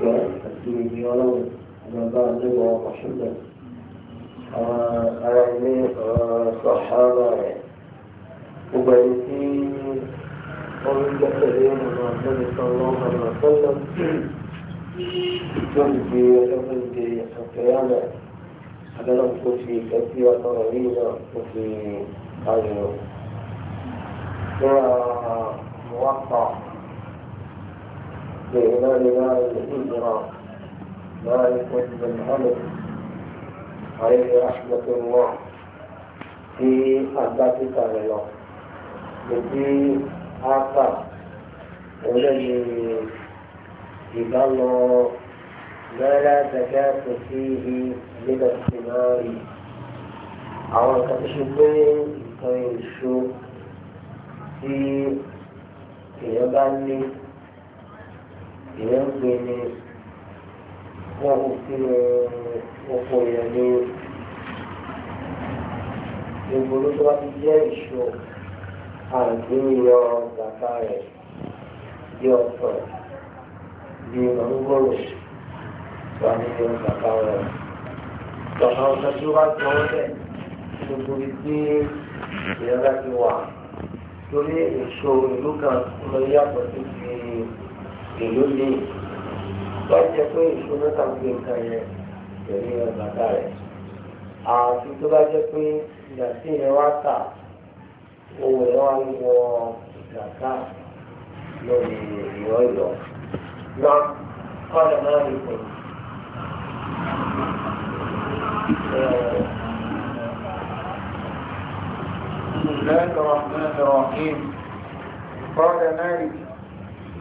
ìfẹ́ àti ìní ọlọ́run àgbàgbà nígbà ọ̀ṣunlẹ̀ àwọn ará ilé sọ̀hánà rẹ̀ gbogbo ẹni tí wọ́n ń gbẹ́sẹ̀lé ọ̀nà àtẹ́lẹ̀ sọ̀rọ̀ ọ̀nà àtẹ́lẹ̀ tó ń di ọjọ́ tó ń di àtẹ́yàmẹ àtẹ́lẹ̀ tó fi ìfẹ́ sí ọ̀tọ̀ rẹ̀ yìí náà tó fi ayọ̀. Wọ́n á wá pa. لإمام مالك الهجرة مالك بن أنس عليه رحمة الله في أباك الله التي أعطى الذي يبلغ ما لا زكاة فيه من الثمار àwọn kan tó ṣe pé nǹkan èso tí èèyàn bá ní ìyẹn ń pè ní wọ́n kò sínú oko yẹn ní ìgboro tó bá ti jẹ́ ìṣó àti yíyọ bàtà rẹ̀ bí ọ̀sán bí ọ̀gbọ́rọ̀ tó a ní yọ bàtà rẹ̀ lọ́kàn ọ̀sán tí ó bá tọ́ ọ bẹ́ẹ̀ gbogbo ibi ìyẹn bá wà torí ìṣó ìlú kan ló yàtọ̀ sí ti ìlú ní wọ́n jẹ́ pé ìṣúná kan gbé nǹkan yẹn pẹ̀lú ọgbàdá rẹ̀ àti tó bá jẹ́ pé ìgbà tí ìyẹn wá tà owó rẹ̀ wá ń wọ ìgbàká lórí ìyọ́ ìlọ. Lọ kọ́lẹ̀ náà rí pẹ̀lú. بسم الله الرحمن الرحيم قال مالك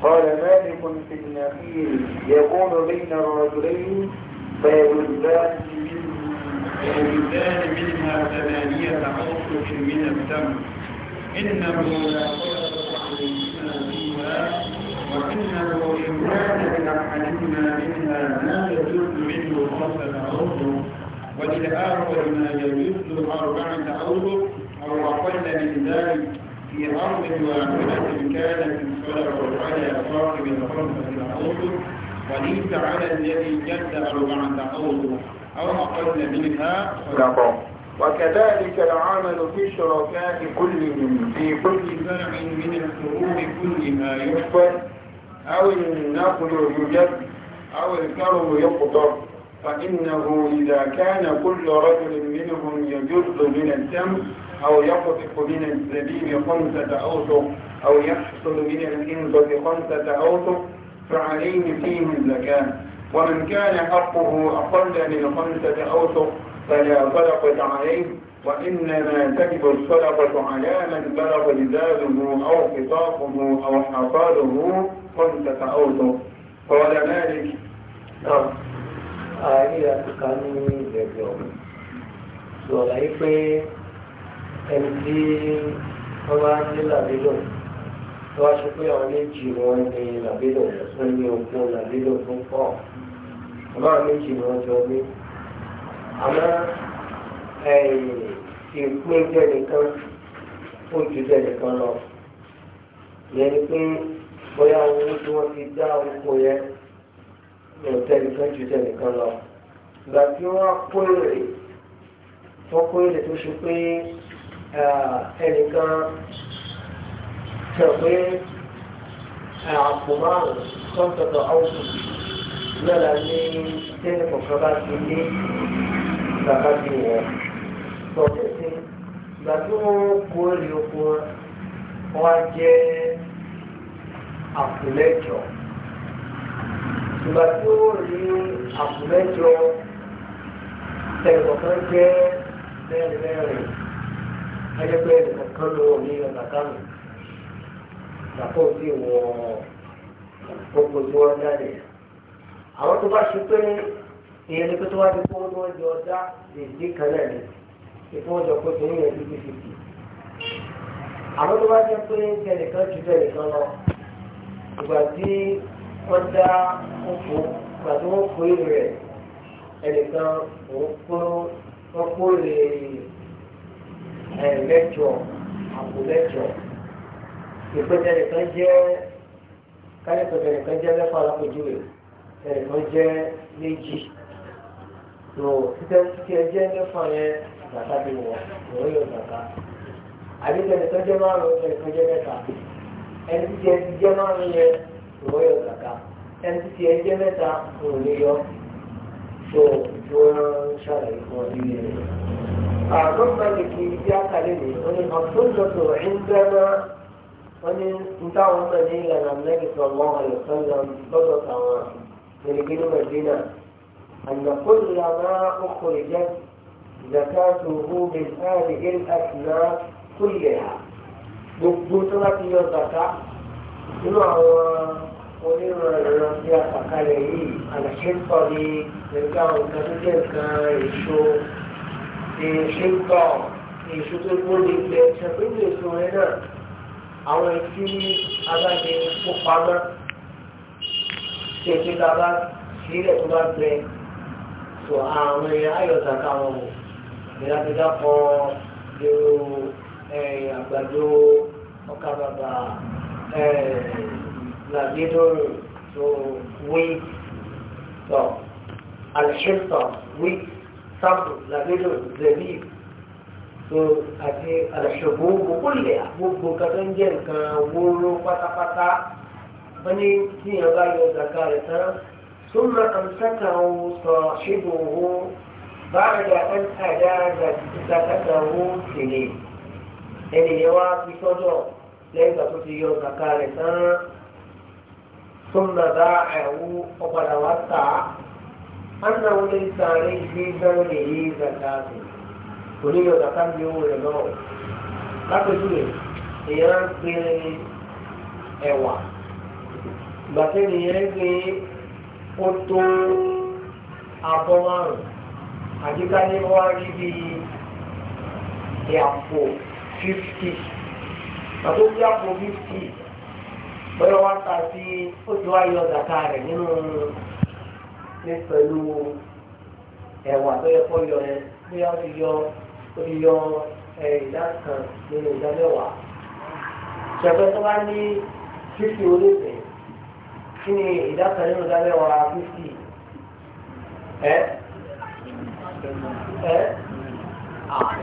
قال مالك في النخيل يكون بين الرجلين فيجلدان فيجلدان منها ثمانية أوسط من التمر إنه لا قدرة عليهما فيها وإنه إن كان لأحدهما منها ما يجد منه خمسة أوسط وللآخر ما يجد أربعة أوسط أو أقل من ذلك في أرض واحدة كانت الصدقة على صاحب خمسة أوسط وليس على الذي جد أربعة أوسط أو أقل منها نعم وكذلك العمل في الشركاء كلهم في كل زرع من الحروب كلها يحفظ أو النقل يجد أو الكرم يقطر فإنه إذا كان كل رجل منهم يجد من الشمس أو يقطف من الزبيب خمسة أوسق أو يحصل من الحنطة خمسة أوسق فعليه فيه الزكاة ومن كان حقه أقل من خمسة أوسق فلا صدقة عليه وإنما تجب الصدقة على من بلغ جداده أو خطافه أو حصاده خمسة أوسق قال مالك نعم آية آه. آه. آه. آه. آه. ẹni wọ́n bá ní làbílò tó wá ṣe pé àwọn méjì wọn ní làbílò fún ní ogún làbílò fún pọ̀ àmọ́ àwọn méjì wọn jọ ní. àmọ́ ìpín tẹnìkan ó ju tẹnìkan lọ ìyẹn ni pé bóyá owó tí wọ́n ti dá oko yẹn ní òtẹ́nìkan ju tẹnìkan lọ. ìgbà tí wọ́n á kó èrè wọ́n èrè tó ṣe pé ẹnìkan sọ pé àpò márùn-ún kọ́ńtọ̀tọ̀ ọ̀hún lọ́la ní tẹ́lẹ̀ kọ̀ọ̀kan bá ti ní bàbá ti wọ̀ tọ́jú sí ìgbà tí wọ́n kó èrè oko wọn jẹ́ àpòlẹ́jọ ìgbà tí ó rí àpòlẹ́jọ tẹ̀lẹ̀ kọ̀ọ̀kan jẹ́ mẹ́rin mẹ́rin ayẹ́ pé nǹkan ló ní ọ̀tàkà mi ìgbàpọ̀ sí wọ gbogbo tí wọ́n jáde àwọn tó bá ṣe pé ìyẹn ni pé tó wá ti kó wọn jọ ọjà lèdí kan náà ni ìfowójọ pé kí nìyẹn ti fi fi àwọn tó bá jẹ pé tẹnìkan ju tẹnìkan lọ ìgbà tí wọ́n dá òfò ìgbà tí wọ́n kó èrè rẹ̀ ẹnìkan òun kó wọ́n kó èrè rẹ̀ lẹ́jọ́ àpò ìpẹ́jẹ́ nìkan jẹ́ káyọ̀pẹ̀jẹ́ nìkan jẹ́ mẹ́fà alápèjúwe ẹnìkan jẹ́ méjì tó títẹ́ tí ẹ jẹ́ yẹn bàtà bí wọ̀ lórí ọ̀gbàgbà àbíkẹ́ nìkan jẹ́ márùn-ún jẹ́ mẹ́ta ẹni tí ẹ jẹ́ márùn-ún yẹn lórí ọ̀gbàgbà ẹni tí ẹ mẹ́ta kò ní yọ tó tó ń ṣàlàyé fún ọ أعظم ملكية كلمة ومن السنة عندنا ومن انتعوا مدينة لنا النبي صلى الله عليه وسلم بضت ملكين مدينة أن كل ما أخرجت زكاته من هذه الأسماء كلها بطلة الزكاة nínú àwọn onírànràn tí a kàkalẹ̀ yìí àlàṣe ń pọ̀ èṣù gbọ̀ èṣù tó gbóni ilẹ̀ ṣàpèjì èṣù rẹ̀ náà àwọn etí abájẹ kó pamọ́ ṣèṣe bàbá sílẹ̀ tó bá gbẹ tó àwọn èèyàn ayọ̀dà káwọn wò ìlàbídà kọ èrò àgbàdo ọkà bàbà làbídòrò tó wí tọ̀ àlẹ́ṣẹ́tọ̀ wí. صبر زبير زبيب àti àṣọ̀gbọ́gbọ́ kó lè gbogbo kẹta ń jẹ́ nǹkan wóró pátápátá wọ́n ní tí èèyàn bá yọ zaka rẹ̀ tán tó máa kàn sáka ohun sọ ṣébò owó bá àjà ẹn àjà zakata owó tèlè ẹnìyẹn wá fi sọ́dọ̀ lẹ́yìn ìgbà tó yọ zaka rẹ̀ tán tó máa bá ẹ̀wú ọ̀padà wá tà á. أنه ليس عليه في بوله زكاة torí yóò dàka bí owó rẹ̀ lọ́wọ́ lápẹjúwe èèyàn ń pe ẹ̀wà gbàtẹ́ nìyẹn ń pe ó tó abọ́ márùn-ún àdíká ní wọ́n á rí bí ìyàpò fífítì pàtó bí àpò fífítì bẹ́ẹ̀ wá ta sí ó ti wá yọ dàka rẹ̀ nínú ní pẹ̀lú ẹ̀wà tó yẹ kó yọ yẹn bí wọ́n ti yọ ó ti yọ ìdá kan nínú ìdá mẹ́wàá. ṣẹ̀fẹ́ tó bá ní fífi olóògbé kí ni ìdá kan nínú ìdá mẹ́wàá fífi ẹ́ ẹ́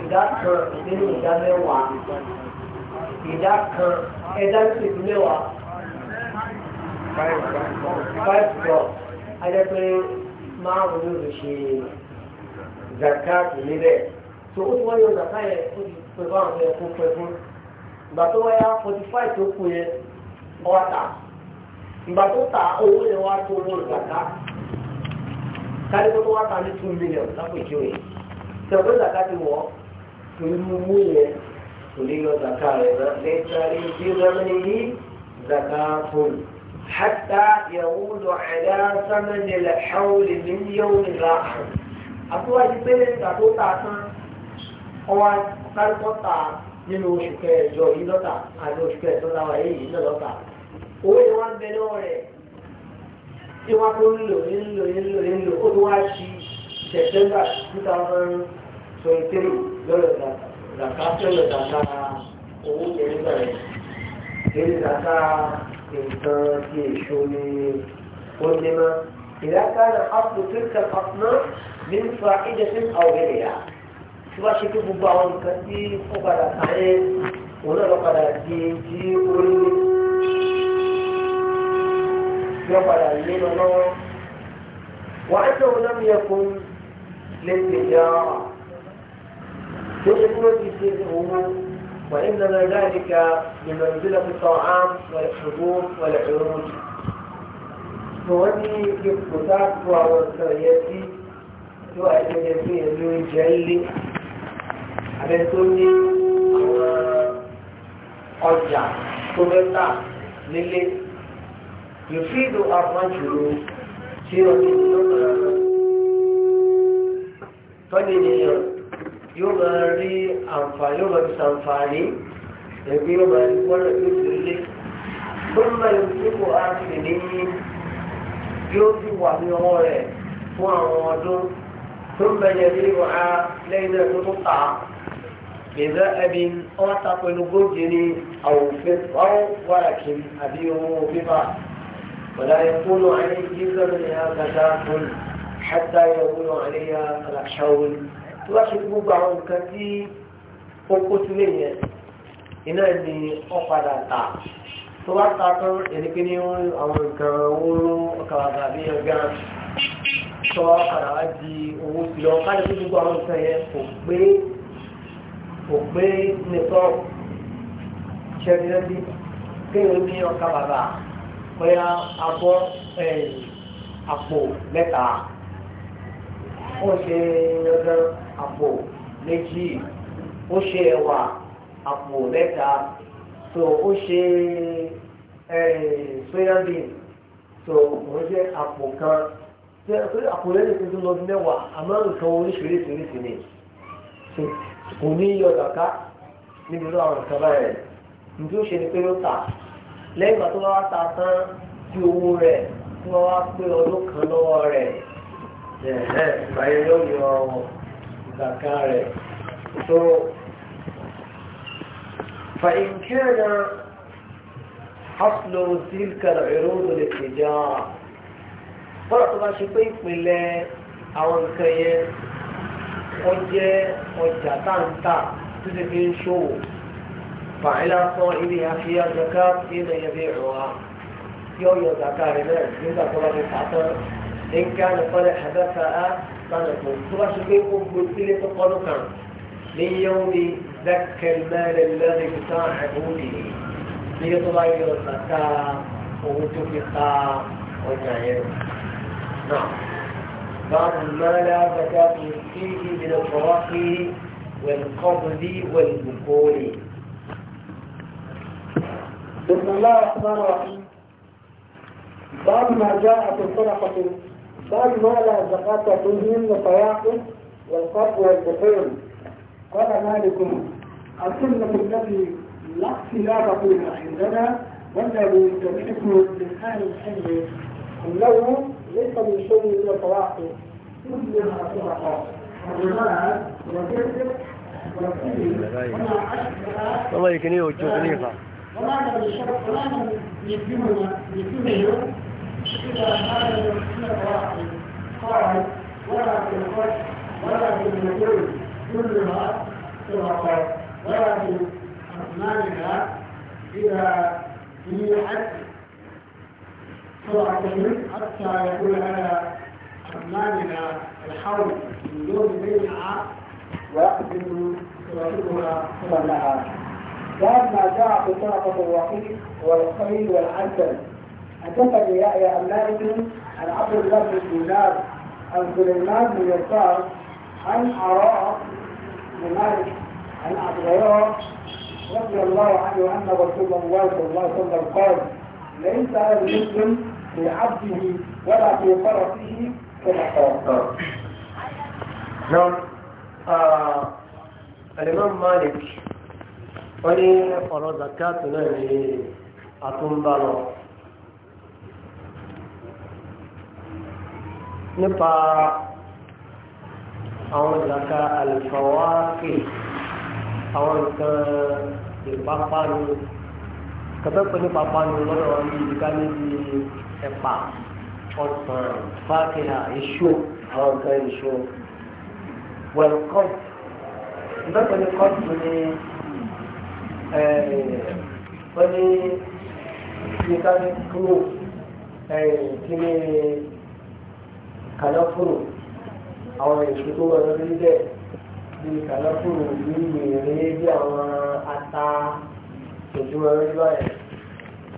ìdá kan nínú ìdá mẹ́wàá ìdá kan ẹ̀dá tó ti mẹ́wàá. Five, five, five. five ajẹ́ pé márùn-ún ló lè ṣe zakatu níbẹ̀ tó ó ti wọ́n yọ zaka yẹn ó ti pè fún àwọn ẹ̀kú pẹ̀ fún ìgbà tó wáyé forty five tó kù yẹn wọ́n ta ìgbà tó ta owó yẹn wá tó owó zaka kálíkó tó wá ta ní two million lápèjọ yìí tẹ̀wé zaka ti wọ̀ torí mú mú yẹn kò yọ zaka rẹ̀ lẹ́tàrí bí rẹ́mẹ́ni yìí zaka fóònù. حتى يعود على ثمن الحول من يوم الآخر أقوى جبل تقول تعطان هو تلقطع nínú oṣù kẹjọ yìí lọ́tà àti oṣù kẹjọ láwa yìí náà lọ́tà owó yìí wọ́n ń bẹ lọ́wọ́ rẹ̀ tí wọ́n tó ń lò ń lò ń lò ń lò ó ti wá sí sẹ̀tẹ́mbà two thousand twenty three lọ́rọ̀ dàkà lọ́rọ̀ dàkà owó yẹn nígbà rẹ̀ èyí dàkà nǹkan tí èso ni ó ní mọ́ ìdákàrà àpò kíkà àpò ní nípa ìjẹsìn àwòrán ìyá tí wọ́n ṣe kí gbogbo àwọn nǹkan tí ó padà sáré òun náà lọ padà di ti orí yọ padà lé lọ lọ́wọ́ wọ́n á tẹ̀wọ́n náà yẹ fún lẹ́sẹ̀ yá tó ṣe kúrò ti ṣe òun. وإنما ذلك بمنزلة الطعام والحبوب والعروج فودي يكتاك وعوصيتي وأجنبي اللي يجلي àbẹ̀tọ́ni ọjà tó mẹ́ta nílé yòfíìdù àfọ́jùlù tí ọdún tó mọ̀ tọ́ni yóò máa rí àǹfààní yóò máa fi ṣàǹfààní ẹgbẹ́ yóò máa rí wọ́n yóò fi lé tó ń bá yóò tí kò á sì ní yóò fi wà ní ọwọ́ rẹ̀ fún àwọn ọdún tó ń bá yẹn ní wàá lẹ́yìn náà tó tó ta ìdá ẹbí wọ́n ta pẹ̀lú góòjì ní àwòfin wọ́n wàrà kí àbí owó fífà ولا يكون عليه جزء من هذا حتى يكون عليها الأحشاول tó bá ṣe gbogbo àwọn nǹkan tí ó kó sílé yẹn iná ni ó padà tà tó bá ta tán ẹni pé ní àwọn nǹkan owó ọkàwàgà bí ẹgbẹ́ tó padà wá di owó sílọ káyọ̀ tó gbogbo àwọn nǹkan yẹn kò gbé kò gbé nìkan ṣẹ́ni kéèyàn ní ọkàwàgà bóyá abọ́ àpò mẹ́ta ó ṣe ọdún àpò méjì ó ṣe ẹ̀wà àpò mẹ́ta so ó ṣe soyabin so òun ṣe àpò kan àpò lẹ́yìn tuntun lọ́dún mẹ́wàá àmọ́ oríṣiríṣi oríṣi ni kò ní yọ ọ̀dàká níbi ló àwọn nǹkan báyẹn nítorí ó ṣe ni pé ó tà lẹ́yìn tó bá wá ta tán tí owó rẹ̀ tí wọ́n wá pé ọdún kan lọ́wọ́ rẹ̀ ẹ̀ẹ́ ìgbàyẹ yóò yọ ìgbàká rẹ̀ tó fàíkẹ́nà haslo sílkàrà ìròdò lè pèjá bọ́lá tó bá ṣe pé ìpìlẹ̀ àwọn nǹkan yẹn ó jẹ́ ọjà táǹtà tó ti fi ń ṣòwò fàílà sọ ilé àfihàn zakat ilẹ̀ yẹn bí ìrọ̀ wa yóò yọ náà nígbà tó bá fi pàtó إن كان قد حدثها طلق تبقى شكيكم بسيلة قلقا من يوم ذك المال الذي بتاعه به هي تغير المتاع وتفقى وتعير نعم بعض المال زكاة فيه من الفراق والقبض والبكور بسم الله الرحمن الرحيم بعد ما جاءت في الصدقة قال ما لا زكاة من الطواف والقرب والبحور قال مالك السنة التي لا اختلاف فيها عندنا والذي تمسكه للحال الحي أنه ليس من شيء إلا الطواقف كلها صدقة الله يكنيه وجوه خليفة. وما إذا كان الرسول واحد قال ولا في الخش ولا في النجوم كلها سرقات ولا في أثمانها إذا منحت سرعتين حتى يكون على أثمانها الحول من دون بيعة ويقدم رسولها صلى الله عليه ما جاء في سرقة الوقيت والخيل والعسل حدثني يا يا مالك عن عبد الله بن دينار عن سليمان بن يسار عن عراء بن مالك عن عبد الله رضي الله عنه ان رسول الله صلى الله عليه وسلم قال ليس على المسلم في عبده ولا في فرسه كما قال نعم آه، الإمام مالك وني فرضك زكاة نبي أتنبالو nípa àwọn ìlàkà àlùfáwáàkì àwọn nǹkan ìpápánu kẹfẹ́pẹ́ ní pápánu lọ́dọ̀ wọn bí ìdíkà níbi ẹ̀pà ọ̀sán fákìlà iṣu àwọn nǹkan iṣu wẹ̀lkọ́t ìgbẹ́pẹ́ ní kọ́ọ̀tù ní eh, wọ́n ní ìdíkà ní kúrò eh, kíní kànáfòrò àwọn èso tó wọlé lórí bẹ́ẹ̀ bíi kànáfòrò bíi mèrè bíi àwọn ata èso wọlé lórí báyìí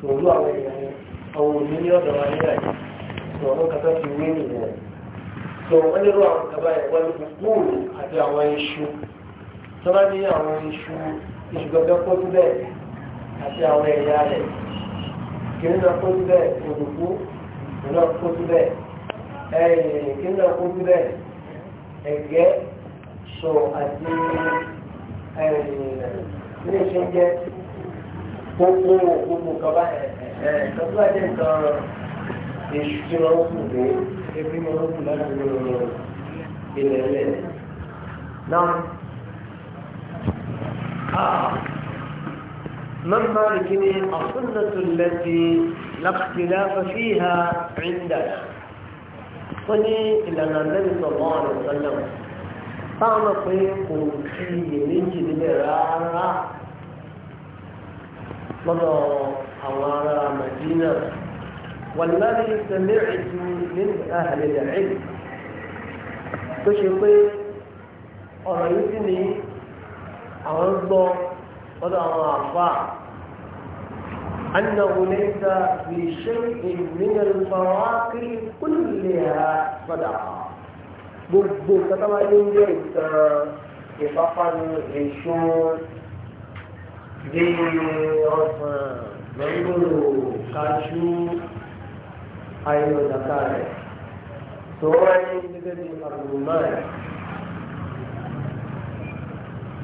pẹ̀lú àwọn èèyàn ni àwọn òní ní ọ̀dọ̀ wa nílẹ̀ ìṣòro kàtà ti wé nìyẹn tó wọ́n lérò àwọn kaba yẹn wọ́n ní kúkúrú àti àwọn iṣu tó bá ní àwọn iṣu iṣu gbẹgbẹ pọ̀ síbẹ̀ àti àwọn ẹ̀yà rẹ̀ kìnnìkan pọ̀ síbẹ̀ òdòdó òdòdó pọ̀ síbẹ̀. kí náà kó bí bẹ́ẹ̀ ẹ̀gẹ́ sọ àti ilé iṣẹ́ jẹ́ gbogbo gbogbo kaba ẹ̀ẹ́dọ́gbọ́n àti nǹkan èṣù tí wọ́n kù dé ebi wọn kù láti ní ilẹ̀ ilẹ̀ náà. من مالك السنة التي لا اختلاف فيها عندنا tó ní ìlànà lẹ́yìn sọ̀mọ́ ọ̀rọ̀ sọ́lọ̀ táwọn mọ̀ pé kò sí iyèméjì níbẹ̀ rárá lọ́dọ̀ àwọn ará Madina wàlúwàlú sẹ́mi ìtú nínú àhàlẹ̀ ìlú tó ṣe pé ọ̀rọ̀ yìí sì ní àwọn gbọ́ lọ́dọ̀ àwọn àfáà أنه ليس في شيء من الفواكه كلها صدقة gbogbo kátàmá ní ilé ìtàn ìpápánu èso bíi ọsàn mẹ́ngòrò kájú ayélujára rẹ̀ tó wọ́n ní gẹ́gẹ́ bíi àrùmáì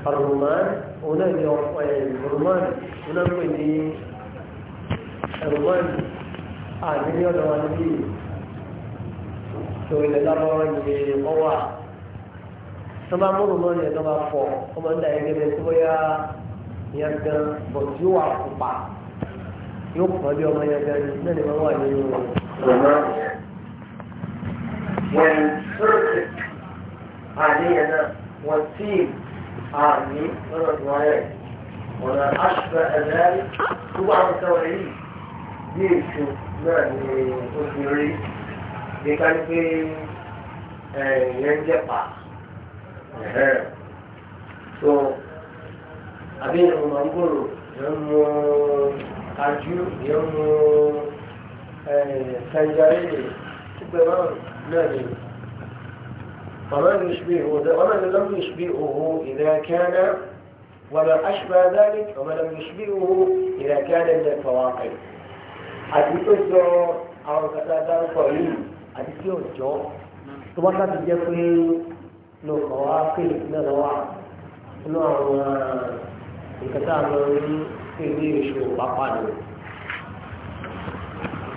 àrùmáì òun náà ní ọ̀pọ̀ ẹ̀ àrùmáì òun náà pè ní ẹ̀rùmọ́n àníní ọ̀dọ̀ wa níbí tó ilẹ̀ lábọ́rọ́ ni wọ́n wà tó bá múrù mọ́ ni ẹ̀dọ́ bá fọ̀ ọmọ ń da ẹgbẹ́ bẹ́ẹ̀ tó bóyá yẹn gan bọ̀ tí ó wà pupa yóò pọ̀ bí ọmọ yẹn gan náà ni wọ́n wà nínú ẹ̀rùmọ́. wọ́n sọ́ọ̀tì àníyàn náà wọ́n tíì àní lọ́dọ̀ tó wáyé wọ́n á ṣùgbọ́n ẹ̀rẹ́ tó bá wọn sọ bí èṣù náà ni ó fi rí bí ká ní pé ìyẹn ń jẹ̀pà so àbí ìyẹn mo máa ń gbòòrò ìyẹn mo ajú ìyẹn mo sanjaréèrè gbogbo ẹ̀ náà ni ومن يشبهه ومن لم يشبهه إذا كان وما أشبه ذلك ومن لم يشبهه إذا كان من الفواقد àti tó jọ àwọn kata dárúkọ yìí àti tí ò jọ tó bá sábà jẹ pé ló kọ wá kéde náà wà nínú àwọn eh, ìkàtà àwọn orí kéde èso pápá ni.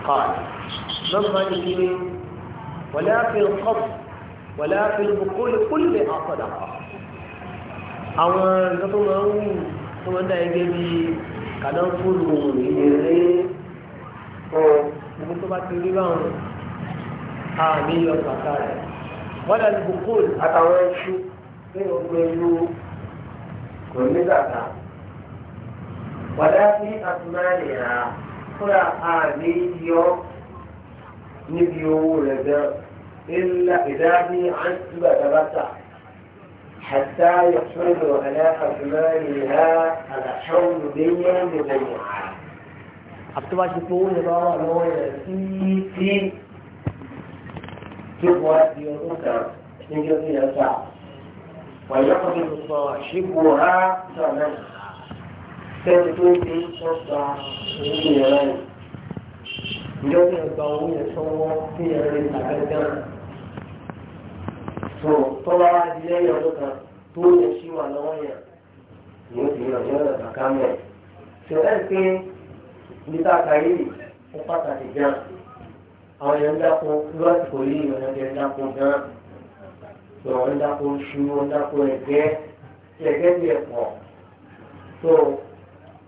قال لما يجي ولا في القبض ولا في البقول كل صدقه àwọn nǹkan tó máa ń wù tó máa ń dá ẹgbẹ́ bíi kànáfóònù ìrẹ́lẹ́ gbogbo tó bá ti rí báwọn àmì yọ bàtà rẹ̀ wọ́n dàbí bukúl àtàwọn ẹṣu ní ọgbẹ́ ìlú kò ní bàtà wàdá sí àtúnáyà fúnra àmì yọ níbi owó rẹ̀ gan ilà ìdájí àti bàtà bàtà. حتى يحصلوا على أثمانها الحول بين بغيرها àti tó ṣe pé oúnjẹ wà lọ́wọ́ rẹ̀ títí tí wọ́n di ọdún kan níjọ́ tí ẹ sà wàyí ọkùnrin tó sọ ṣíkú ha sọ̀rọ̀ tẹ́tí tó ti ń sọ́sà oúnjẹ rẹ̀ níjọ́ tí ẹ gba oúnjẹ sọ́wọ́ tí ẹ rẹ̀ àgbẹ̀dẹ̀ tó tọ́lá di lẹ́yìn ọdún kan tó yẹ sí wà lọ́wọ́ yẹn ni ó ti yàn yọ̀ọ̀dà kàkà mẹ́ ṣe ẹ́ pé níta kàyé ó pàtàkì gan àwọn èèyàn ń dáko lọ́sìkò yìí ọ̀nà ìjẹun dáko gan tó ń dáko ṣu ń dáko ẹ̀gẹ́ tí ẹ̀gẹ́ ti ẹ̀ pọ̀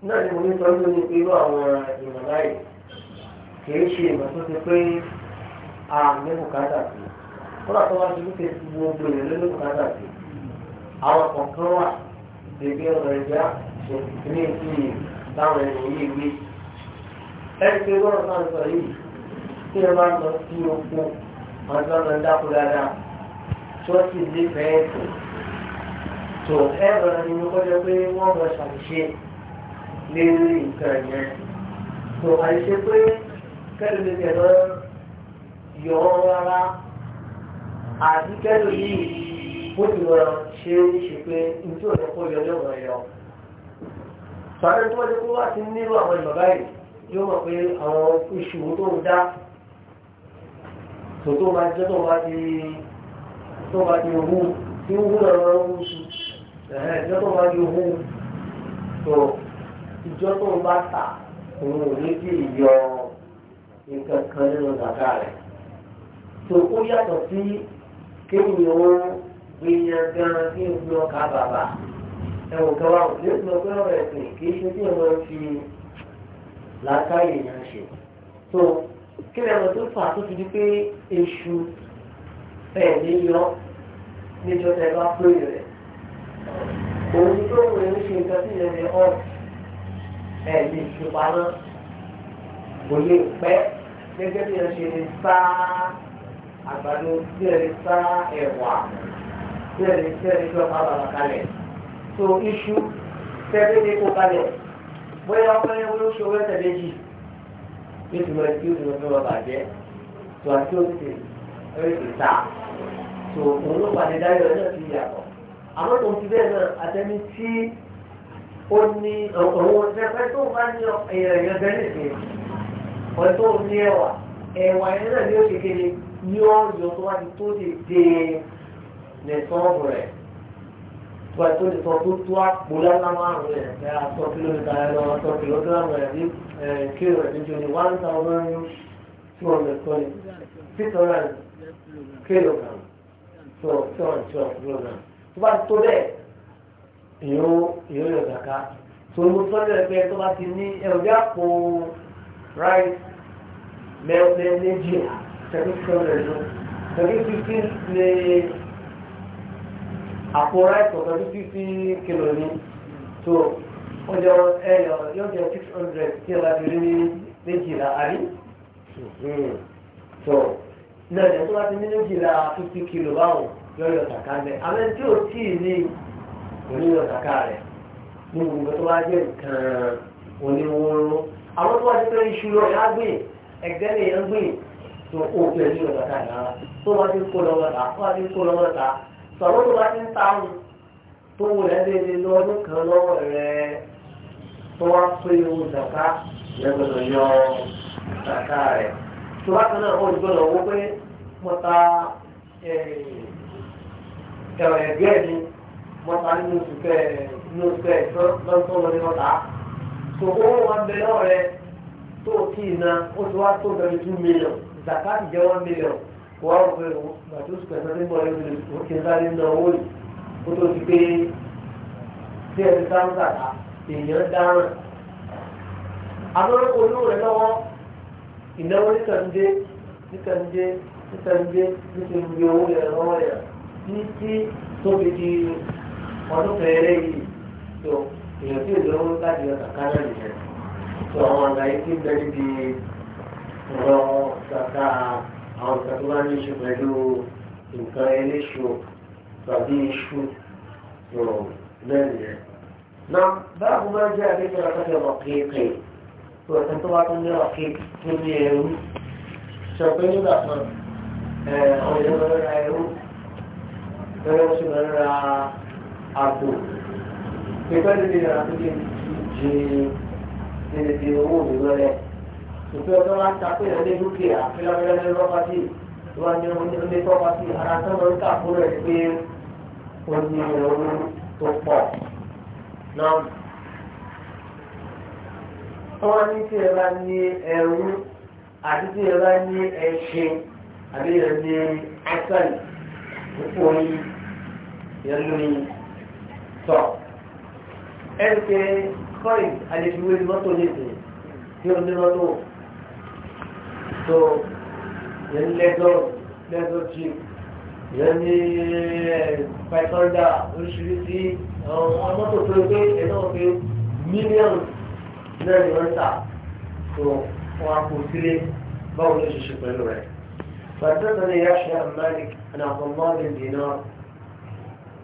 náà ni mo ní sọ́jú ní irú àwọn ìmọ̀ báyìí kìí ṣe ìmọ̀ tó ti pé àmì bùkátà sí kọ́lá tó wá sí ní gbogbo ìrẹ̀lẹ́ ló bùkátà sí àwọn kọ̀ọ̀kan wà gbẹgbẹ́ ọ̀rọ̀ ẹ̀dá ṣètìlẹ́yìn táwọn ẹ̀yìn yìí gbé ẹgbẹ́ lọ́rọ̀ náà sọ yìí tí ẹ máa lọ sí oko àti ọ̀nà dáko dáadáa tí wọ́n sì lé fẹ́ẹ́ tó tó ẹ̀rọ ni mo kọjá pé wọ́n mọ ṣàṣìṣe lérí nǹkan yẹn tó àìṣe pé kẹ́lù lè tẹ̀lé yọ ọ́ rárá àti kẹ́lù yìí ó ti mọ ṣe é ṣe pé nítorí ọ̀pọ̀ yọ ní ọ̀rọ̀ yọ. sọ̀rọ̀ tí wọ́n ti kó wá sí nílò àwọn ìmọ̀ báyìí yóò mọ̀ pé àwọn oṣù tó ń dá tó tó máa jẹ́ tó máa ti tó máa ti wú tí ń wú lọ́rọ̀ tó máa ti wú tó ìjọ tó ń bá tà òun ò ní kí ìyọ nǹkan kan nínú bàbá rẹ̀ tó ó yàtọ̀ sí kéwìn ó gbìyàn gan kí n gbọ́ ká bàbá ẹ̀wọ̀n kan wà ó lè ọ̀rẹ́ ẹ̀sìn kì í ṣe kí n fi làákàyè yẹn ṣe tó kí lẹ́nu tó fà tó fi di pé èṣù ẹ̀ ní yọ níjọ́ tẹ bá pé rẹ̀ òun ni tó wù ẹ́ ń ṣe nǹkan sí ìyẹn ní ọ̀ ẹ̀ ní ìṣèpamọ́ kò lè pẹ́ gẹ́gẹ́ bí ẹ̀ ṣe lè sá àgbàdo bí ẹ̀ lè sá ẹ̀wà bí ẹ̀ lè sẹ́ni tó ọ̀pá bàbà kalẹ̀ tó iṣu tẹ́lẹ̀ ní kó kalẹ̀ bóyá ọpẹ́ ní olóṣù owó ẹ̀sẹ̀ méjì yóò ti lọ sí òṣèlú ọ̀fẹ́ wọn bàjẹ́ tó àti òṣèlú ẹ̀rẹ́ ti ta tó òun ló pàdé dáyọ̀ náà ti yàtọ̀ àmọ́ tó ń ti bẹ́ẹ̀ náà àtẹ́ni tí ó ní òun ṣẹfẹ́ tó bá ní ẹ̀yẹ̀ ẹ̀yẹ̀ bẹ́ẹ̀ nìkan ọ̀rẹ́ tó ní ẹwà ẹ̀wà yẹn náà ni ó ṣe kéde ní ọ̀yọ́ tó wá ti tó ti dé nẹ̀sọ́ọ̀bù rẹ̀ tó ẹ tó lè sọ tó tó àpò lọ́nà márùn-ún rẹ̀ ẹ àtọ́ kìlómítà ẹ lọ àtọ́ kìlógíráàmù rẹ̀ bí ẹ kílò rẹ̀ níjọ ní one thousand two hundred twenty six hundred kilogram so two hundred twelve kilogram tó bá tó bẹ́ẹ̀ èyó èyó yọ̀ gàká tó ń sọ ní ẹgbẹ́ tó bá ti ní ẹ̀rọ bí àpò rice mẹ́ẹ̀ẹ́dẹ́gbẹ̀jì thirty two hundred thirty fifteen ní àpò ráìsì ọ̀kan tó fi sí kìlò ní tó ó jẹ ẹyọ yóò jẹ six hundred tí ẹ bá rí ní méjìlá àrí tó hmm. náà jẹ tó bá ti ní méjìlá fifty kìlò báwọn yóò yọ sàkà mẹ àmọ́ tí ò tí ì ní òní yọ sàkà rẹ ní gbogbo tó bá jẹ nǹkan oníwóró àwọn tó bá ti pẹ́ iṣu lọ yá gbìn ẹgbẹ́ nìyẹn gbìn tó ó pẹ́ ní yọ sàkà rẹ tó bá ti kó lọ́wọ́ ta tó bá ti kó lọ́wọ́ ta sọ̀rọ̀ tó bá ti ń táwọn tó wù rẹ̀ léde lọ́dún kan lọ́wọ́ rẹ̀ tó wá pé owó zaka lẹ́gbẹ̀rẹ̀ yọ zaka rẹ̀ tó bá kan náà ó gbọ́dọ̀ pé mo ẹ̀rọ ẹ̀gbẹ́ mi mo nínú oṣù kẹ nínú oṣù kẹ lọ́sọ̀ lọ́dún ní ọ̀tá tó owó wọn bẹ lọ́wọ́ rẹ̀ tó kí iná ó ti wá tó bẹ̀rẹ̀ two million zaka ti jẹ́ one million wọ́n gbàtó pẹ̀lú ní bọ́ọ̀lù ìlú òkè sáré ń náwó yìí kó tó ti pé tí ẹni sáńsà èèyàn dáràn. àbúrò olówó rẹ lọ́wọ́ ìnáwó nìkànjé nìkànjé nìkànjé nítorí ibi owó rẹ lọ́wọ́ rẹ títí tó fi di ọdún fẹ́rẹ́ yìí tó èèyàn tí ìlú láti ọ̀tà kánà nìyẹn tó àwọn àgbáyé tí ń bẹ ọ̀rọ̀ kàkà àwọn nǹkan tó bá ní ṣe pẹ̀lú nǹkan eléṣù tàbí iṣu rọrùn lẹ́yìn náà báàbù máa jẹ́ àdéjọ́ àkọ́jọ́ ọmọ kéèké ọ̀sán tó wá tó ní ọ̀kẹ́ tó ní ẹrú sọ pé nígbà kan ọ̀yọ́ máa ra ẹrú lọ́wọ́ sí máa ra àgbò pípẹ́ níbi ìrìn àtúnjẹ ti jẹ níbi owó mi lọ́lẹ̀ òfin ọjọ́ wa ta pé ìrẹ́lẹ̀ dúkìá fíláfíláfílá lọ́pàtì tó wà ní ilé tọ́pàtì ara tó lọ ká fún rẹ̀ pé ó ní owó tó pọ̀ náà. wọ́n ní tí ẹ bá ní ẹrú àti tí ẹ bá ní ẹṣin àbí ẹ ní ẹsẹ̀lì púpọ̀ yìí yẹn lórí tọ̀. ẹ ń kọ́ìn àlejò ìwé mọ́tò nìkan tí ó ní lọ́dún so yẹn ní lẹ́dọ̀ lẹ́dọ̀ chip yẹn ní pàtàkì oríṣiríṣi àwọn mọ́tò tó ń gbé ẹ̀dọ́ pé mílíọ̀nù náà ni wọ́n tà so wọn kò sílé báwo ló ṣe ṣe pẹ̀lú rẹ̀. فحدثني يحيى عن مالك عن عبد الله بن دينار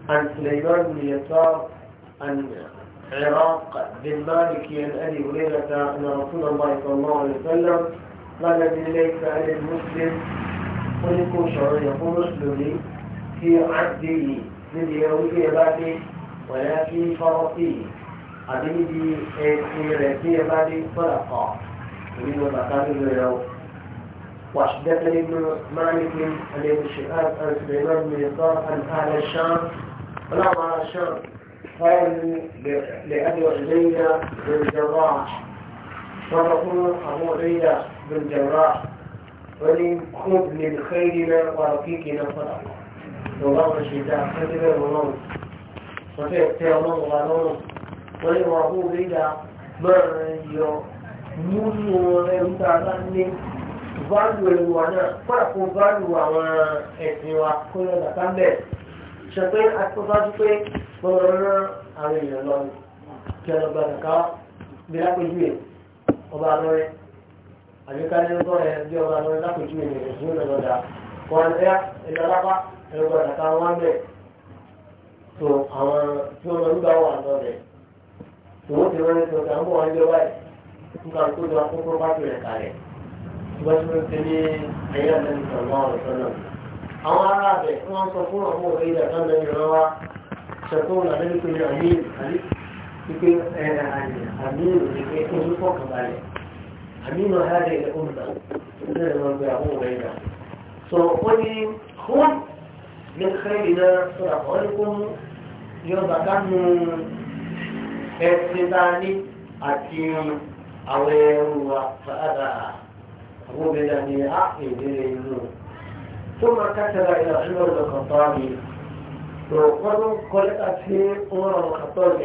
عن سليمان بن يسار عن عراق بن مالك عن ابي هريره ان رسول الله صلى الله عليه وسلم طلب إليك ليس للمسلم خلق شعور مسلمي في عبده من يومي بعدي ولكن في عبيدي في إيرتي بعدي صدقة من مكان اليوم وحدثني ابن مالك عن ابن شهاب عن سليمان بن يسار عن أهل الشام ولما على الشام قال لأبي عبيدة بن الجراح فرقوا أبو عبيدة بن الجراح ولي خذ من خيرنا ورفيقنا صلى الله الشتاء خذ المنون وتأتي الله غنون ويرغب إلى مريو múlò ẹrú tá a bá ní válù ẹrú wa náà fúnra kó válù àwọn ẹ̀sìn wa kó lọ bàtà bẹ́ẹ̀ ṣe pé akọ́sájú pé ọ̀rọ̀ rán àwọn èèyàn lọ kí ọlọ́gbà nìkan bí lápẹ́jú ẹ̀ ọba lọ́rẹ́ àbí ká ní ọgbọ́n rẹ̀ bí ọba lọ lápòjú ènìyàn ìṣúná lọ́dà wọn ẹ ìlọ́lápá ẹ̀rọ ìdàkà wọn bẹ̀ tó àwọn tí wọn ń gbà wà lọ́dẹ̀ tó wọ́n ti rán ètò ìdààmú wọn jọ báyìí nípa tó lọ kókó pàtó rẹ̀ kalẹ̀ ṣùgbọ́n tí wọ́n ti ní ẹ̀yẹ́ lẹ́nu sọ̀rọ̀ ọ̀sán àwọn ará bẹ̀ wọ́n sọ fún àwọn òwe ìdàkà lẹ́yìn rán wa ṣẹ̀tún àdébíkú àmì àmì ìpè àmì ìpè tó ń fọkàn balẹ̀ أمين هذه الأمة إنما يبيعون بينها سوقني خذ من خيرنا صدقانكم يرضى كانوا ẹ̀sìntání àti àwọn ẹrù wa fàádà àwọn obìnrin ni a ìdílé inú tó máa kásẹ̀lá ìlà ìlú ọ̀dọ̀ kọ̀tọ́ mi tó wọ́n ló ń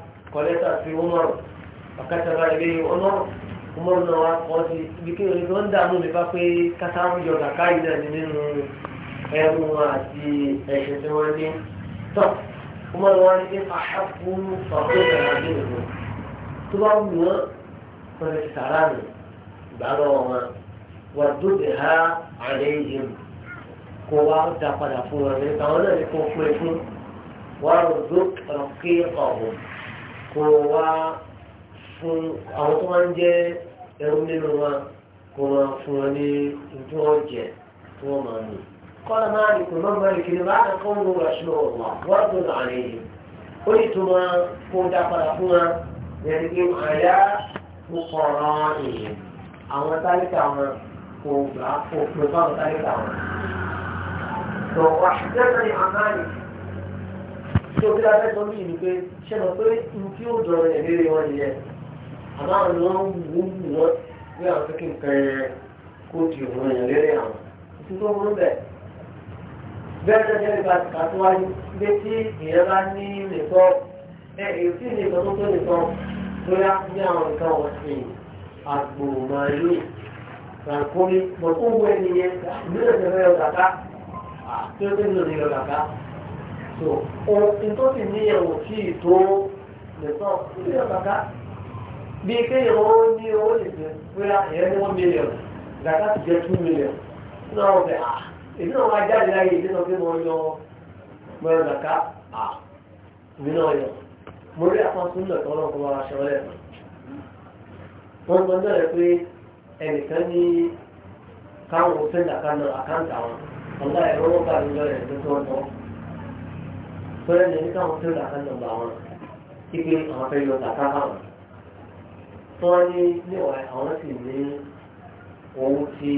kọ́lẹ́tà sí umar ọ̀kátàbà ilé umar umar náà wá kọ́ bikin ibi kí oníkẹ́ wọ́n dààmú mi bá pé kátà ń yọ kàkà yìí náà nínú ẹrù wọn àti ẹ̀sìn tí wọ́n ní. tọ́ umar wọn ní àṣàkú ọ̀gbọ́n ìgbàlódé ìlú tó bá wù wọ́n kọ́lẹ́ sàrà nù ìgbàlọ́ wọn wà dóde ha àlẹ́ yìí kó wá dá padà fún wọn ní àwọn náà ní kó pé fún wàá rò dókè ọ̀hún kó wá fún àwọn tó máa ń jẹ́ ẹrú nínú wa kó máa fún wọn ní ojú ọ̀jẹ̀ tí wọ́n máa nù. kọ́lá máa ní kò máa máa kiri máa kọ́ ń lo aṣọ ọ̀wà wọ́n tó nà ní yìí. ó lè tó máa kó dá padà fún wa yẹn ní àyà tó kọ̀ọ̀rọ̀ èèyàn àwọn tálíkà wọn kò gbà kó pè fún tálíkà wọn. tó wàá ṣùgbọ́n ní àmàlì tó bí la fẹ́ sọ bí ìlú pé ṣe mọ̀ pé n tí ó dọ̀rọ̀ ẹ̀rẹ́ wọn nìyẹn àmọ́ àwọn ni wọ́n wù ú wọn pé àwọn fẹ́ kí n kàn yẹn kó di òun yẹn lérè àwọn tí tó wọ́n bẹ̀. bẹ́ẹ̀ tó jẹ́ nípa àtúwájú pé tí ìyẹn bá ní nìkan ẹ èyí tí nìkan tó tó nìkan bóyá ní àwọn nǹkan ọ̀sìn àgbò màálù ràǹkómi mọ̀ wọ ẹni yẹn nílẹ̀ tó fẹ́ yọ kàkà tó tó nílò tó ohun ní ẹ̀wò tí ìtò lẹ́tọ̀ ọ̀gá bí kéèyàn ó ní owó lè ẹ̀yẹ́ ní one million gàdá ti jẹ two náà máa jáde láyé ìdí náà pé mo yọ mọ̀rọ̀ gàká èmi náà yọ àpapọ̀ nílò tó náà kó wọ́n gbọ́n náà rẹ̀ sọ́yẹ́ lè ní káwọn tí ó dà kan nọmba wọn kíkẹ́ àwọn fẹ́ lọ tàkà káwọn tó wọ́n ní níwọ̀ àwọn sì ní owó tí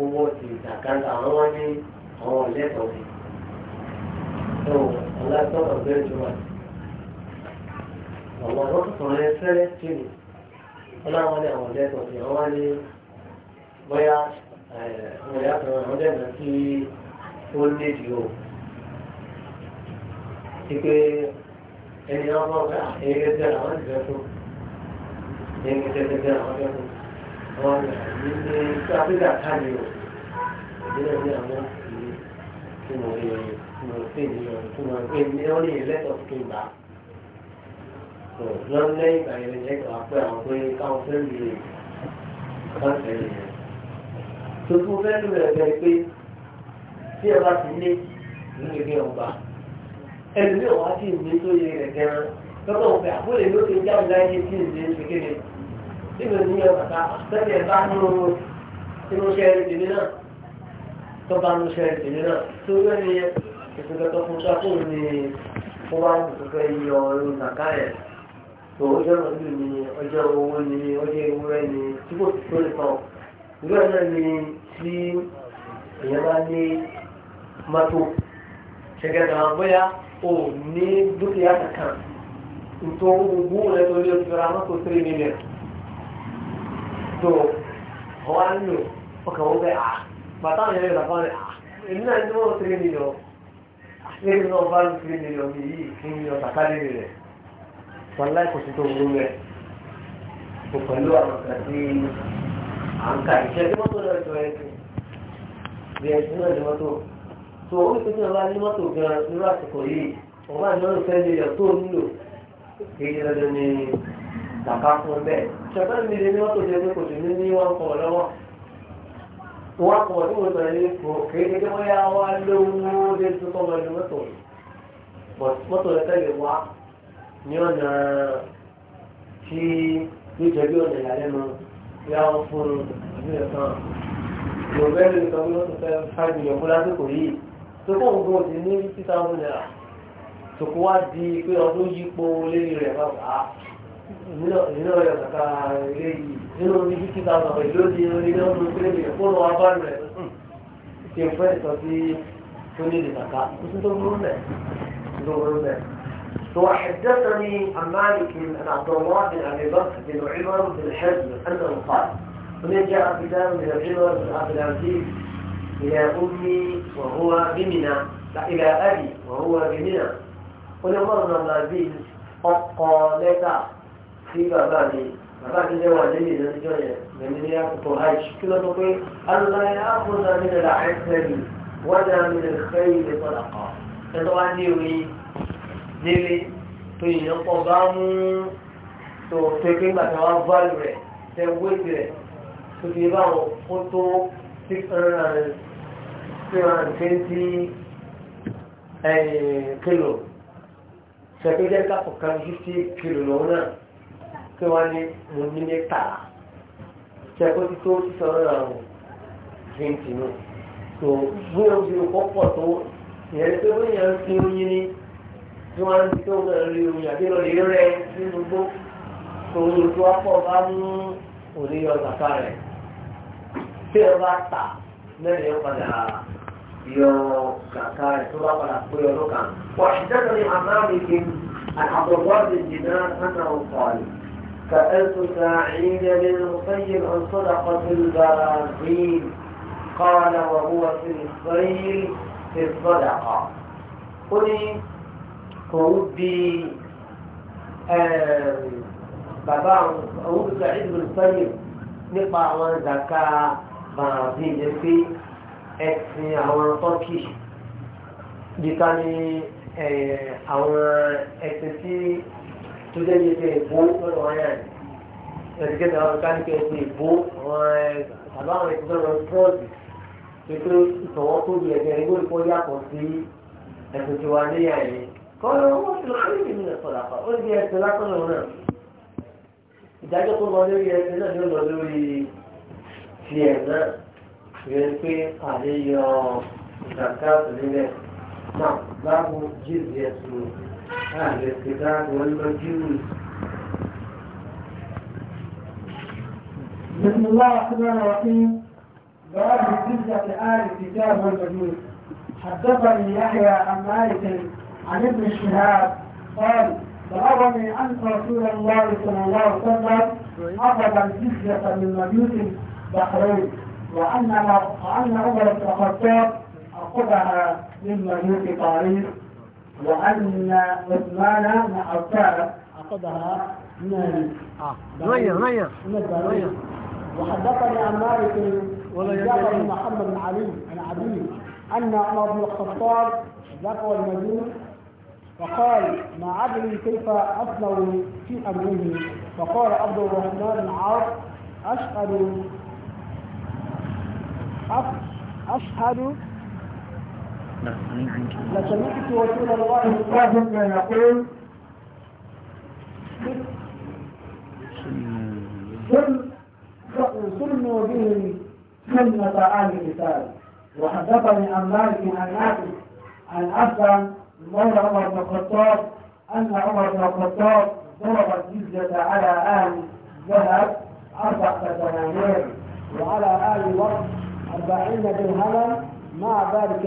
owó ti tàkà àwọn wọ́n ní àwọn ọ̀lẹ́tọ̀ọ́ sí tó aláìsọ̀rọ̀ bẹ́ẹ̀ jù wá àwọn àwọn sọ̀rọ̀ ẹ fẹ́rẹ́ tí ni ọlọ́wọ́n ní àwọn ọ̀lẹ́tọ̀ọ́ sí àwọn wọ́n ní bóyá àwọn ìyá kan àwọn ọ̀lẹ́tọ̀ọ́ sí ó lé jù ó pé ẹni náà wọ́n fẹ́ ẹ̀yẹ́gẹ́ tẹ́lẹ̀ àwọn ìfẹ́ fún ẹ̀yẹ́gẹ́ tẹ́lẹ̀ tẹ́lẹ̀ àwọn ìfẹ́ fún wọn ní ní sáfíìdà káàdì o ìdílé ní àwọn ìlú tí mo lè tí mo pè ní ọ̀rọ̀ tí mo pè ní ọ́ ní ẹlẹ́tọ̀ tó gbà tó lọ́n lẹ́yìn ìgbà yẹn lẹ́yìn ìgbà pé àwọn pé káwọn fẹ́ lè káńtẹ̀ lè yẹn. tó fún fẹ́ lóore ẹgbẹ́ pé tí ẹ bá ti lé ní ìgbé ọgbà ẹnu ní tí ìwé tó yẹ rẹ̀ gan-an òfin àbúlé ló ti jáde láyé tí ìwé ṣe kéde nínú ní ọ̀bàtà tẹ́lẹ̀ ẹ̀ bá nínú inú iṣẹ́ ìdílé náà tó bá nínú iṣẹ́ ìdílé náà tó wẹ́ ni ìfúnkẹ́tọ́ fún sáfù ni wọ́n bá ń fẹ́ yọ ọ̀run nàká ọjọ́ ìlú ni ọjọ́ owó ni ọjọ́ ewúrẹ́ ni tí kò tó lè tán ìlú ẹ̀ náà bóyá ò ní dúkìá kankan tó gbogbo rẹ̀ tó lé fira mọ́tò tírí mílíọ̀n tó wá nù ọkàn wọn bẹ à bàtà mi yẹn lè bàbá rẹ̀ à èmi náà ní wọ́n tírí mílíọ̀n àṣírí náà bá ní tírí mílíọ̀n mi yìí fún mílíọ̀n bàtà lè rẹ̀ wọn láì kò sí tó gbogbo rẹ̀ kò pẹ̀lú àwọn kan à ń ka ìṣẹ́ tí wọ́n tó lọ jọ ẹ̀ bí ẹ̀ sí náà ni wọ́n tó tó o ní pé tí wọn bá ní mọ́tò gan nínú àsìkò yìí wọn bá ní wọn fẹ́ lè yọ tó nílò kéde lọ́dọ̀ ni kàkà fún bẹ́ẹ̀ ṣọ̀tọ́ mi lè ní mọ́tò jẹ́ pé kò sí ní ní wọn kọ̀ lọ́wọ́ wọn kọ̀ tí mo sọ yìí kò kéde kí wọ́n yá wá lówó dé tó kọ́ lọ́dọ̀ mọ́tò mọ́tò rẹ̀ tẹ̀lé wá ní ọ̀nà tí yóò jẹ́ bí ọ̀nà ìyàlẹ́nu yá wọn fún un ìbílẹ̀ kan Yorùbá ẹ̀rọ ìtọ́jú ló ti fẹ́ fáìlì ọ̀kú lásìkò yìí tó kó ń gbọ́ ti ní two thousand naira tó kó wá di pé ọdún yípo lérí rẹ̀ bàbá nínú ọ̀rẹ́ kàkà ilé yìí nínú ní fifty thousand rẹ̀ ló di orí náà ló kéré mi fóònù wa bá rẹ̀ hmm. ṣe fẹ́ sọ sí tó ní ìdìkàkà kó tó burú mẹ́ tó burú mẹ́. وحدثني عن مالك عن عبد الله بن ابي بكر بن عمر بن حزم انه قال ومن جاء كتاب من العمر بن عبد العزيز إلى أمي وهو بمنى إلى أبي وهو بمنى ولمرنا العزيز ọkọlẹ́tà sí bàbá mi bàbá mi lẹ́wà lẹ́yìn ìdájọ́ yẹn lẹ́mí ní àkókò hajj kí ló sọ pé aláya àkóso mi lè láìpẹ́ mi wọ́n dá mi lè fẹ́ ilé padà kọ́ ẹ̀tọ́ wá ní ìwé délé tó yìnyín pọ̀ bá mú tó tó pé gbàtà wá bá rẹ̀ tẹ wéjì rẹ̀ tó fi báwọn kó tó 620 kìlò ṣẹ̀kẹ́jẹ́ kápọ̀ kan 50 kìlò lọ́wọ́ náà kí wọ́n ní mo ní ní tàà ṣẹ̀kọ́ ti tó sọ̀rọ̀ àrùn 20 náà tó gbóyàn bí o pọ̀ tó ìyẹn tó bí yẹn fi oyin ní tí wọ́n ń tó náà rí oyin àti lọ́lẹ̀ rẹ̀ nínú gbó tó olùkọ́ pọ̀ bá mú òní ọ̀sàkà rẹ̀ tí ẹ bá tà lẹ́yìn ẹ padà yọ kàkà rẹ̀ tó bá padà pé ọdún kan. wà á ṣiṣẹ́ lórí àmàlì kí àbọ̀bọ̀ lè jìnnà sánà ọ̀pọ̀lì. فأنت سعيد للمسيب صدقة البراغين قال وهو في الخير في الصدقة قل قوبي بابا أبو سعيد بن المسيب nípa àwọn zaka bàbí jẹ́ pé ẹ̀sìn àwọn tọ́kì jíká ní àwọn ẹ̀sìn tí tó jẹ́ ní ẹ̀sìn ìbò lọ́dọ̀ wọn yà ní ẹ̀sìn kẹta àwọn ká ní kẹ́ ẹ̀sìn ìbò àwọn àbá àwọn ẹ̀sìn tó lọ trọ́ọ̀dì pé pé ìtọ̀wọ́ tó yẹ ẹ̀sìn ìbò ìfọ́ yàtọ̀ sí ẹ̀sìn tiwa níyà yìí kọ́ ló wọ́n ti lọ sí ìdílé sọ̀rọ̀ àpá ó ní ẹ̀sìn lápẹ́ lọ́wọ́ náà ìdájọ́ tó lọ lórí ẹ̀sìn náà ló lọ lórí بسم الله الرحمن الرحيم باب جزة آل الكتاب والمجوس حدثني يحيى عن مالك عن ابن شهاب قال بلغني أن رسول الله صلى الله عليه وسلم أخذ الجزية من مجوس البحرين وأن وأن عمر بن الخطاب أخذها من ملوك باريس وأن عثمان بن عفان أخذها من غير غير وحدثني عن مالك ولا محمد بن علي بن عدي أن عمر بن الخطاب ذكر المجوس فقال ما عدل كيف أصنع في أمره فقال عبد الرحمن بن عوف أشهد أشهد لسمعت رسول الله صلى الله عليه وسلم يقول سلموا به سنة آل الكتاب وحدثني عن مالك عن نافع عن أسلم مولى عمر بن الخطاب أن عمر بن الخطاب ضرب الجزية على آل ذهب أربعة دنانير وعلى آل وقت أربعين درهما مع ذلك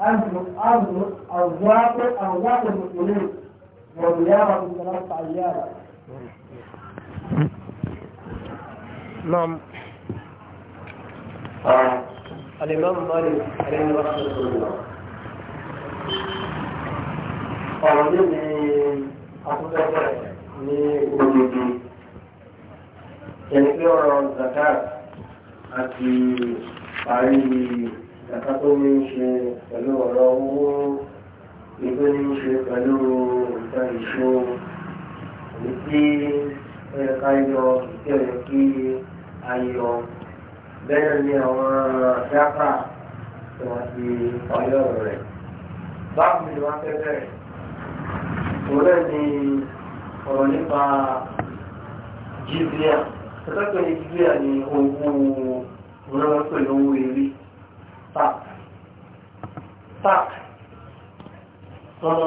أهل أهل أوزاق أوزاق المسلمين وزيارة ثلاثة أيام نعم الإمام مالك عليه رحمة الله ọ̀rọ̀ ní ní akúkẹ́kẹ́ ní olùdí ẹni pé ọ̀rọ̀ zakat àti parí ìjàkà tó ní ṣe pẹ̀lú ọ̀rọ̀ owó ìgbé ní ṣe pẹ̀lú ìjà ìṣó ìdí ẹ̀ka yọ ìdí ọ̀yọ́ kí ayọ̀ bẹ́ẹ̀ ni àwọn dápà tó wá sí ọyọ́ rẹ̀. báwo ni wọ́n fẹ́ bẹ̀rẹ̀? òun náà ni ọ̀rọ̀ nípa jíbíà ọ̀tọ́pẹ́ nàìjíríà ní owó ìrànwọ́ pẹ̀lú owó eré park park ọmọ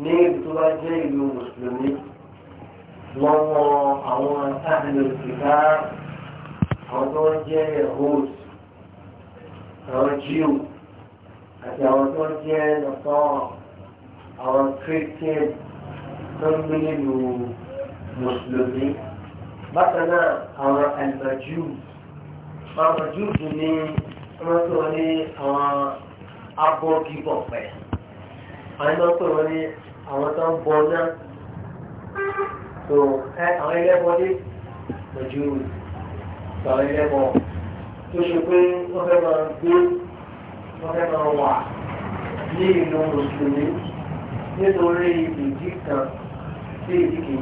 ní èdè tó bá jẹ́ ìlú mùsùlùmí lọ́wọ́ àwọn sáàlù ìgbà àwọn tó jẹ́ host àwọn jíù àti àwọn tó jẹ́ lọ́tọ́ àwọn christian tó ń gbé nílùú mùsùlùmí bákan náà àwọn àlùmọ̀jù àwọn júùsù ní wọ́n tó ní àwọn abọ́gibọ̀ pẹ̀ àwọn tó tó ní àwọn tó ń bọ̀ náà tó àwọn ẹlẹ́bọdé pẹ̀jú àwọn ẹlẹ́bọ tó ṣe pé wọ́n fẹ́ máa gbé wọ́n fẹ́ máa wà ní ìlú mùsùlùmí nítorí ìdí kan sí ìdí kejì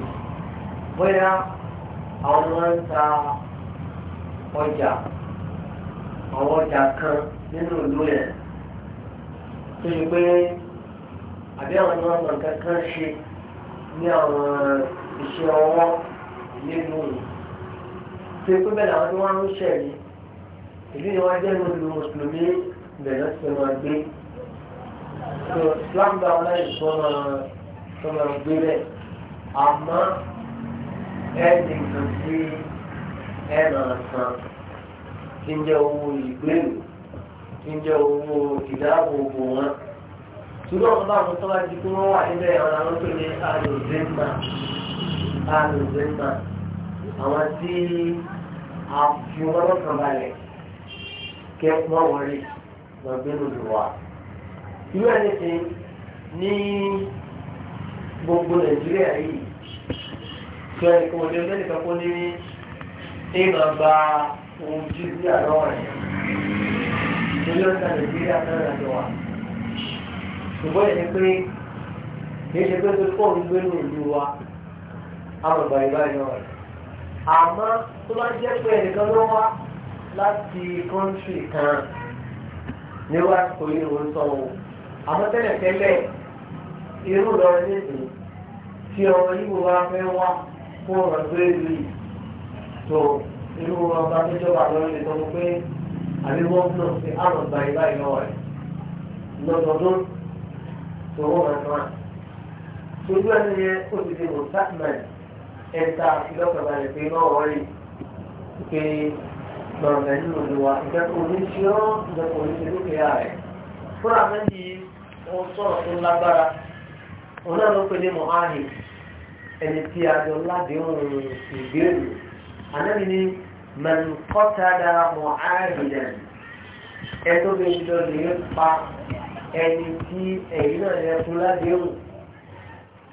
àwọn ni wọ́n ń ta ọjà àwọn ọjà kan nínú ìlú yẹn tó ṣe pé àbí àwọn ni wọ́n mọ nǹkan kan ṣe ní àwọn iṣẹ́ ọwọ́ nínú tó ṣe pé bẹ́ẹ̀ làwọn ni wọ́n ń ṣẹ̀lí ìlú yẹn wọ́n jẹ́ nínú mùsùlùmí bẹ̀rẹ̀ sí wọn gbé tó láǹdà ọlá ìfọ́nà tó gbé bẹ́ẹ̀ àmọ́ ẹ̀ẹ́dì tó sí ẹ̀ẹ́dọ̀sán tí ń jẹ́ owó ìgbélu tí ń jẹ́ owó ìdáàbòbò wọn. Ṣùgbọ́n ọ̀sán bá wọn tó bá di pé wọ́n wà níbẹ̀ ọ̀rọ̀ àwọn tó ní alòzémà alòzémà àwọn tí a fi balẹ̀ kẹ́ wọ́n wọlé wọ́n gbé lòlù wa. Irú ẹni tí ní gbogbo Nàìjíríà yìí tó ẹni kò lè lẹ́nu kan kó ní èèyàn gba ohun jù sí àlọ́ rẹ̀ nílò ìta nàìjíríà náà lọ wà ṣùgbọ́n ẹni pé kì í ṣe pé tó pọ̀ ń gbé ní ìlú wa àwọn ìgbà ìgbà ìyàn rẹ̀ àmọ́ tó bá jẹ́ pé ẹnìkan ló wá láti kọ́ńtì kan ní wá kò ní òun sọ o àmọ́ tẹ́lẹ̀ tẹ́lẹ̀ irú lọ nídìí tí ọmọ yìí wá fẹ́ wá fún ọ̀rọ̀ tó èlú yìí tó irú ọba tó jọba lọ́wọ́ lè sọ pé àbíwọ́ náà fi àrùn gba ìlà ìlọ́wọ́ rẹ̀ lọ́dọọdún tó wọ́n máa tán. Sojú ẹni yẹn ó ti di mùsàmán ẹ̀ta ìlọ́kọ̀ọ́ba rẹ̀ pé lọ́wọ́ rí pé lọ́rọ̀ nínú ìlúwa ìjẹ́kọ̀ oníṣẹ́ ọ́ ìjẹ́kọ̀ oníṣẹ́ dúkìá rẹ̀. Fúra méjì ó sọ̀rọ̀ tó lágbára. Òun náà ló pe ní Mọ̀háhìn ẹni tí a jọ ládéhùn ìbéèrè anábì ni mẹ́nkọ́tàdà mọ̀ áàrìdàn ẹ̀tọ́ bẹ́ẹ̀ jọ lè pa ẹni tí ẹ̀yìn náà yẹ fún ládéhùn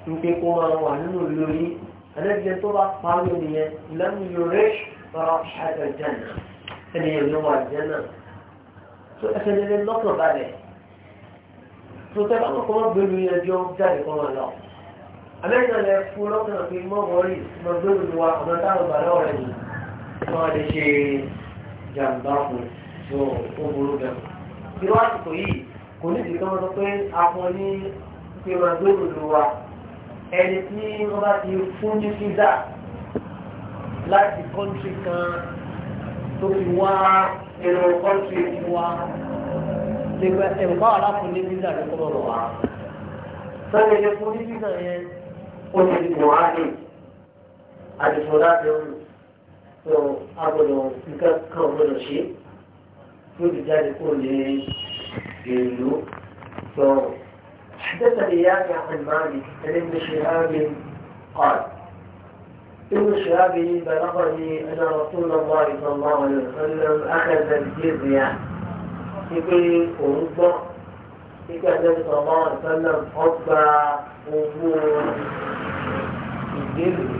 ń pé kó máa wà nínú lórí anábì tó bá pa lónìí yẹn lẹ́nu yorùbá rọ̀ ṣàtẹ̀jẹ̀ náà ẹni yẹn ló wà jẹ́ náà tó ẹsẹ̀ lé lọ́kàn balẹ̀ tó tẹ́ bá kọ́kọ́ gbẹ́lu yẹn jọ jáde kọ́ máa lọ àmẹ́ta lẹ fún lọ́kàn pé mọ́wọ́rì mọ́gbẹ́rù wa ọ̀nà táwọn bàbá ọ̀rẹ́ yìí wọ́n lè ṣe jàǹbá fún tó ó burú gan. irú àsìkò yìí kò ní ìdí kan sọ pé a fún ní pé mọ́gbẹ́rù wa ẹni tí wọ́n bá ti fún ní fíza láti kọ́ńtì kan tó fi wá ẹnu kọ́ńtì wa ẹ̀rù báwa láfún ní fíza ló kọ́ bọ̀ wá. sọ́yìn ẹ̀yẹ fún ní fíza yẹn. قتل ابن عادل على صلاة تو أقول كفر شيء كل ذلك كله يلو تو حدثني يحيى عن مالك عن ابن شهاب قال ابن شهاب بلغني أن رسول الله صلى الله عليه وسلم أخذ الجزية يقول ورد يقول النبي صلى الله عليه وسلم حب أمور جذب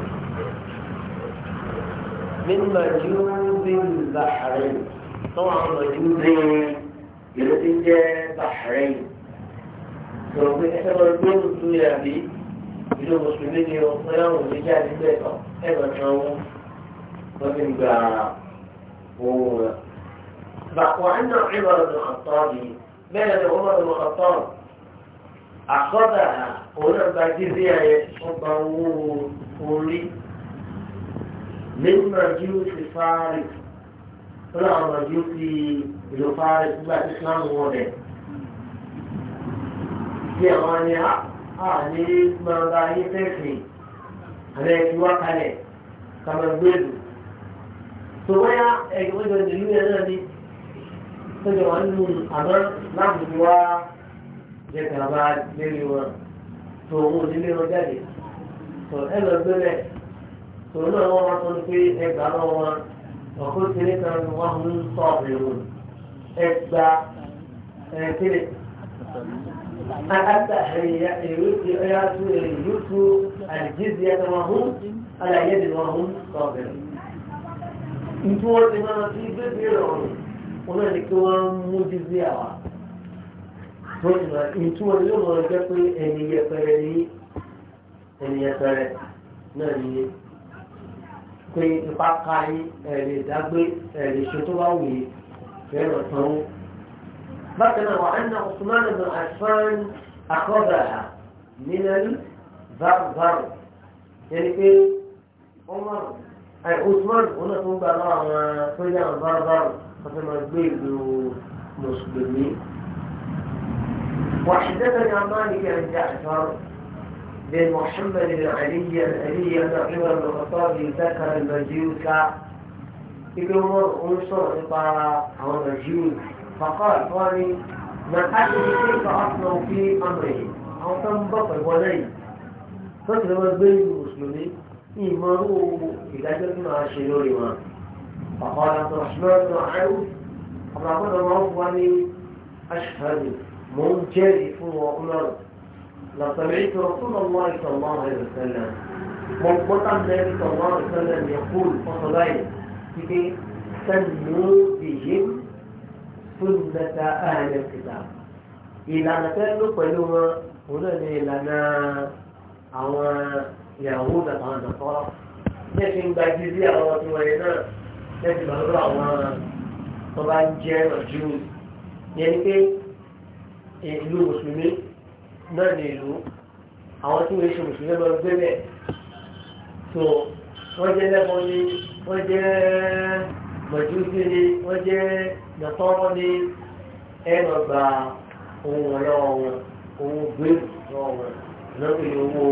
من مجوز البحرين طبعا مجوز يلتج بحرين لو احنا مرتين طويلة بي مسلمين يوصلون رجال البيضة ومن بقى وعندنا عمر بن الخطاب ماذا عمر بن الخطاب أخذها ونبع بعد ذي orí lẹ́yìn màjú ti fáárì wọ́n náà màjú ti ìlú fáárì nígbà tí islam wọ̀ rẹ̀ bí àwọn ni a ní máa bá yín fẹ́ẹ̀fì àbẹ́ ti wá kalẹ̀ kàmá gbèrú tó wáyà ẹ̀jọ̀ wọ́n jọ nílùú yẹn náà ni wọ́n jọ wà nínú àmọ́ láàbùkù wá jẹ́ kàmá lẹ́yìn wọn tó owó nílé wọn jáde tó ẹ lọ gbélé tó náà wọ́n wá tó ń pé ẹgbàá lọ́wọ́ wọn ọ̀kọ́ tẹ̀lé kan wọ́n ń sọ èrò ẹgbà ẹ̀kẹ́lẹ̀ àtàtà ẹ̀yà èrò ti ẹ̀yà tó èrò yóò tó àìjíṣẹ́ ẹ̀ka wọn hún aláyé ni wọn hún sọ èrò. Ntú wọn ti máa fi bébí rọrùn wọn náà ní kí wọ́n mú jíjí àwa. Ntú wọn yóò mọ̀ ọjọ́ pé ẹni yẹpẹrẹ yìí ènìyàn pẹ̀rẹ̀ náà ní pé ipa ká yín ẹ̀rì ìdágbé ẹ̀rì ìṣe tó bá wù yìí fẹ́ràn sanwó. bákan náà wà á na Usman ibn Affan akọ́bàrà nínú bárùbárù yẹn pé ọmọ ẹ̀ Usman òun náà tó ń gbà lọ́wọ́ àwọn tó yẹ àwọn bárùbárù wọ́n fẹ́ máa gbé ìlú mùsùlùmí. وحدثني عن مالك بن جعفر بن محمد بن علي الأمير أن عمر بن الخطاب ذكر المجيوس ابن عمر انصر إطار أو المجيوس فقال قال ما أدري كيف أصنع في أمره أو بطل ولي فكذب بين المسلمين إيمانوا إلى ما شنو الايمان فقال عبد الرحمن بن عوف ربنا الله أشهد منجرف وأمر لسمعت رسول الله صلى الله عليه وسلم مضبطا النبي صلى الله عليه وسلم يقول فصلين كده سنوا بهم سنة أهل الكتاب ìlànà tẹ́lú pẹ̀lú wọn òun náà ní ìlànà àwọn ìyàwó àtàwọn ìdàkọ́rọ̀ ní ẹ̀sìn gba jíjí àwọn tí wọ́n yẹn náà lẹ́sìn lọ́dọ̀ àwọn tó bá jẹ́ ọ̀jú yẹn ni pé ìlú mùsùlùmí náà ní ìlú àwọn tí wọ́n ṣe mùsùlùmí lọ gbé tó wọ́n jẹ́ lẹ́bọn ní wọ́n jẹ́ mọ̀júsí ní wọ́n jẹ́ nàtọ́rọ́ ní ẹnà ohun ọlọ́wọ́ ohun gbé lọ́wọ́ wọn lọ́pẹ́ owó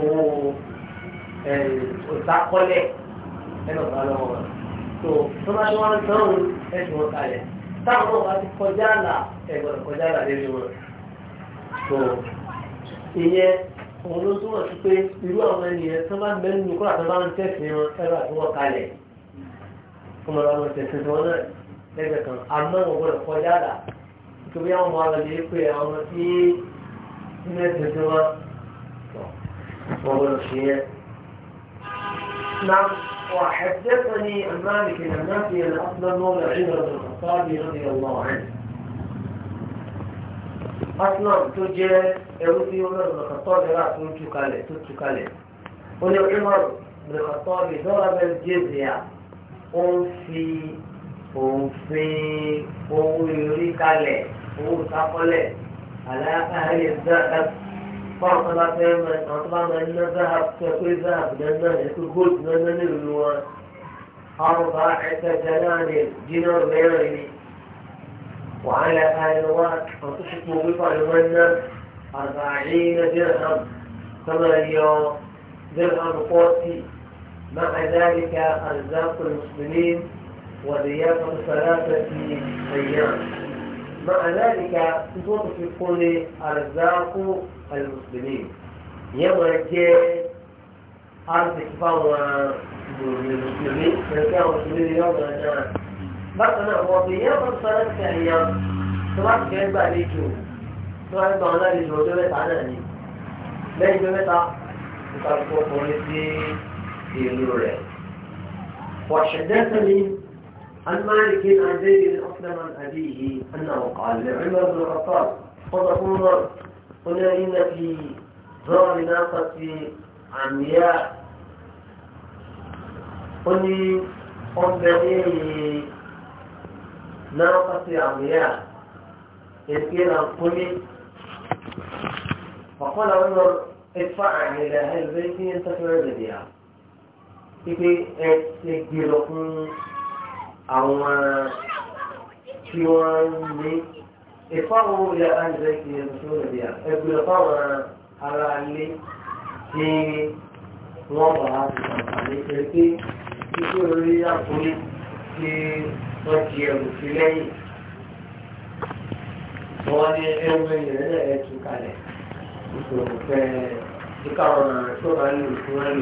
owó òsákọ́lẹ̀ ẹnà gba tó tó bá tí wọ́n tó ìyẹn òun ló túmọ̀ sí pé irú àwọn ènìyàn tó bá ń bẹ nínú kúrò àtọ́ bá ń tẹ̀sìn wọn ẹ̀rọ àti wọn kalẹ̀ kó máa wọn tẹ̀sìn tí wọn náà lẹ́gbẹ̀ẹ́ kan àmọ́ wọn gbọ́dọ̀ kọjá àlà nítorí àwọn ọmọ alẹ́ lè pé àwọn tí nínú ẹ̀sìn wọn wọn gbọ́dọ̀ ṣe yẹn. نعم وحدثني عن مالك بن نافع الاصل مولى عمر بن الخطاب رضي الله aslam tó jẹ́ ẹrú tí Umar ibn Khattab rà tó tú kalẹ̀ tó tú kalẹ̀ ó ní Umar ibn Khattab dọ́ra bẹ́ẹ̀ jizya ó ń fi òfin owó orí kalẹ̀ owó ìkápọ́lẹ̀ aláàárẹ̀ zakat fáwọn tó bá fẹ́ mọ àwọn bá mọ ní náà zakat tó pé zakat náà náà ètò gold náà náà nílùú wọn àwọn bá ẹ̀ka jẹ́ náà ní jìnnà mẹ́rin ni. وعلى حلوات فتشك مبطع المنة أربعين درهم ثمانية درهم قوتي مع ذلك أرزاق المسلمين وضيافة ثلاثة أيام مع ذلك كل أرزاق المسلمين يمرجع أرض كفاوة المسلمين فكان المسلمين يوم أنا bákan náà wọ́n fi yẹ́n fún fẹ́rẹ́ǹsì ẹ̀yàn tó bá ti fẹ́ gbàlejò tó bá ń gbà wọn lálejò ọjọ́ mẹ́ta náà ni lẹ́yìn ọjọ́ mẹ́ta ìkàlùkù ọkùnrin sí ìlú rẹ̀. وحدثني عن مالك عن زيد بن عن ابيه انه قال لعمر بن الخطاب قال عمر قلنا ان في ظهر ناقه عمياء قل لي ناقة عمياء يسير القلي فقال عمر ادفع عن إلى أهل البيت ينتفع بديها ipe ẹ ṣe gbé lọ fún àwọn tí wọ́n ń ní ìfáwọn ilẹ̀ àìsàn ìṣẹ̀lẹ̀ tó rẹ̀ bí i ẹgbẹ́ lọ fáwọn ara ilé tí wọ́n wọ́n ti ẹrù sí lẹ́yìn wọ́n ní ẹrù ẹ̀yìn rẹ̀ ẹ̀ tún kalẹ̀ ìṣòro fẹ́ kíkà ọ̀nà tó bá lò tó wọ́n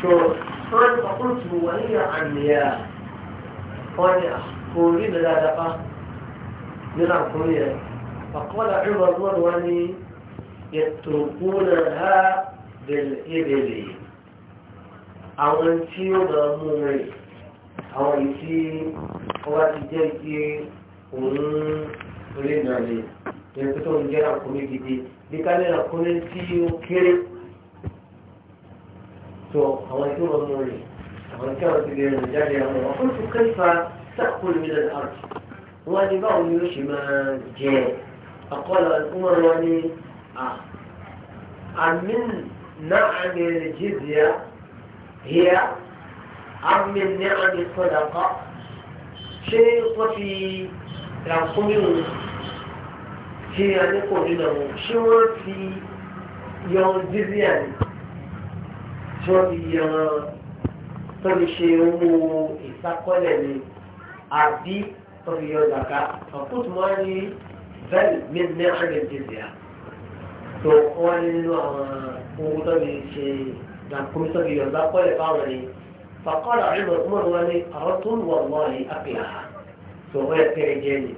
lò tó wọ́n ti ọkùnrin tù wọ́n ní àmìyà wọ́n ní kò rí mi dáadáa pa nínú àkórí yẹn àkọ́lá ìwà gbọ́dọ̀ wọ́n ní yẹtùrùkúnà ha bẹ̀rẹ̀ ìbẹ̀rẹ̀ àwọn tí ó bá mú rẹ̀ àwọn èyí tí wọ́n bá ti jẹ́ kí òun lè nà lè yẹn pé tóun jẹ́ àkómi gidi bí ká lè àkómi tí ó kéré tó àwọn tí wọ́n mú rè àwọn tí wọ́n ti lè rìn jáde àwọn ọkọ̀ tó kẹfà sàkóso nílẹ̀ àrùn wọ́n ní báwo ni ó ṣe máa jẹ àkọlà ìkúmọ̀ wọn ni àmì náà àmì ẹ̀rẹ̀ jìdìá hìá. عم النعم الصدقة شيء وفي يعقومون في يعني قولنا شو في يوم جزيان شو في tọ́bi ṣe owó ìsákọ́lẹ̀ ni àbí tọ́bi yọ zaka ọ̀pọ̀tù mọ́ ní bẹ́ẹ̀ mi ní ọ̀rẹ́ jẹ̀dẹ̀ à tó wọ́n ní nínú àwọn owó tọ́bi ṣe na kúrú tọ́bi yọ báwọn ni فقال عمر عمر ولي قررت والله أقلها فهو يتعجني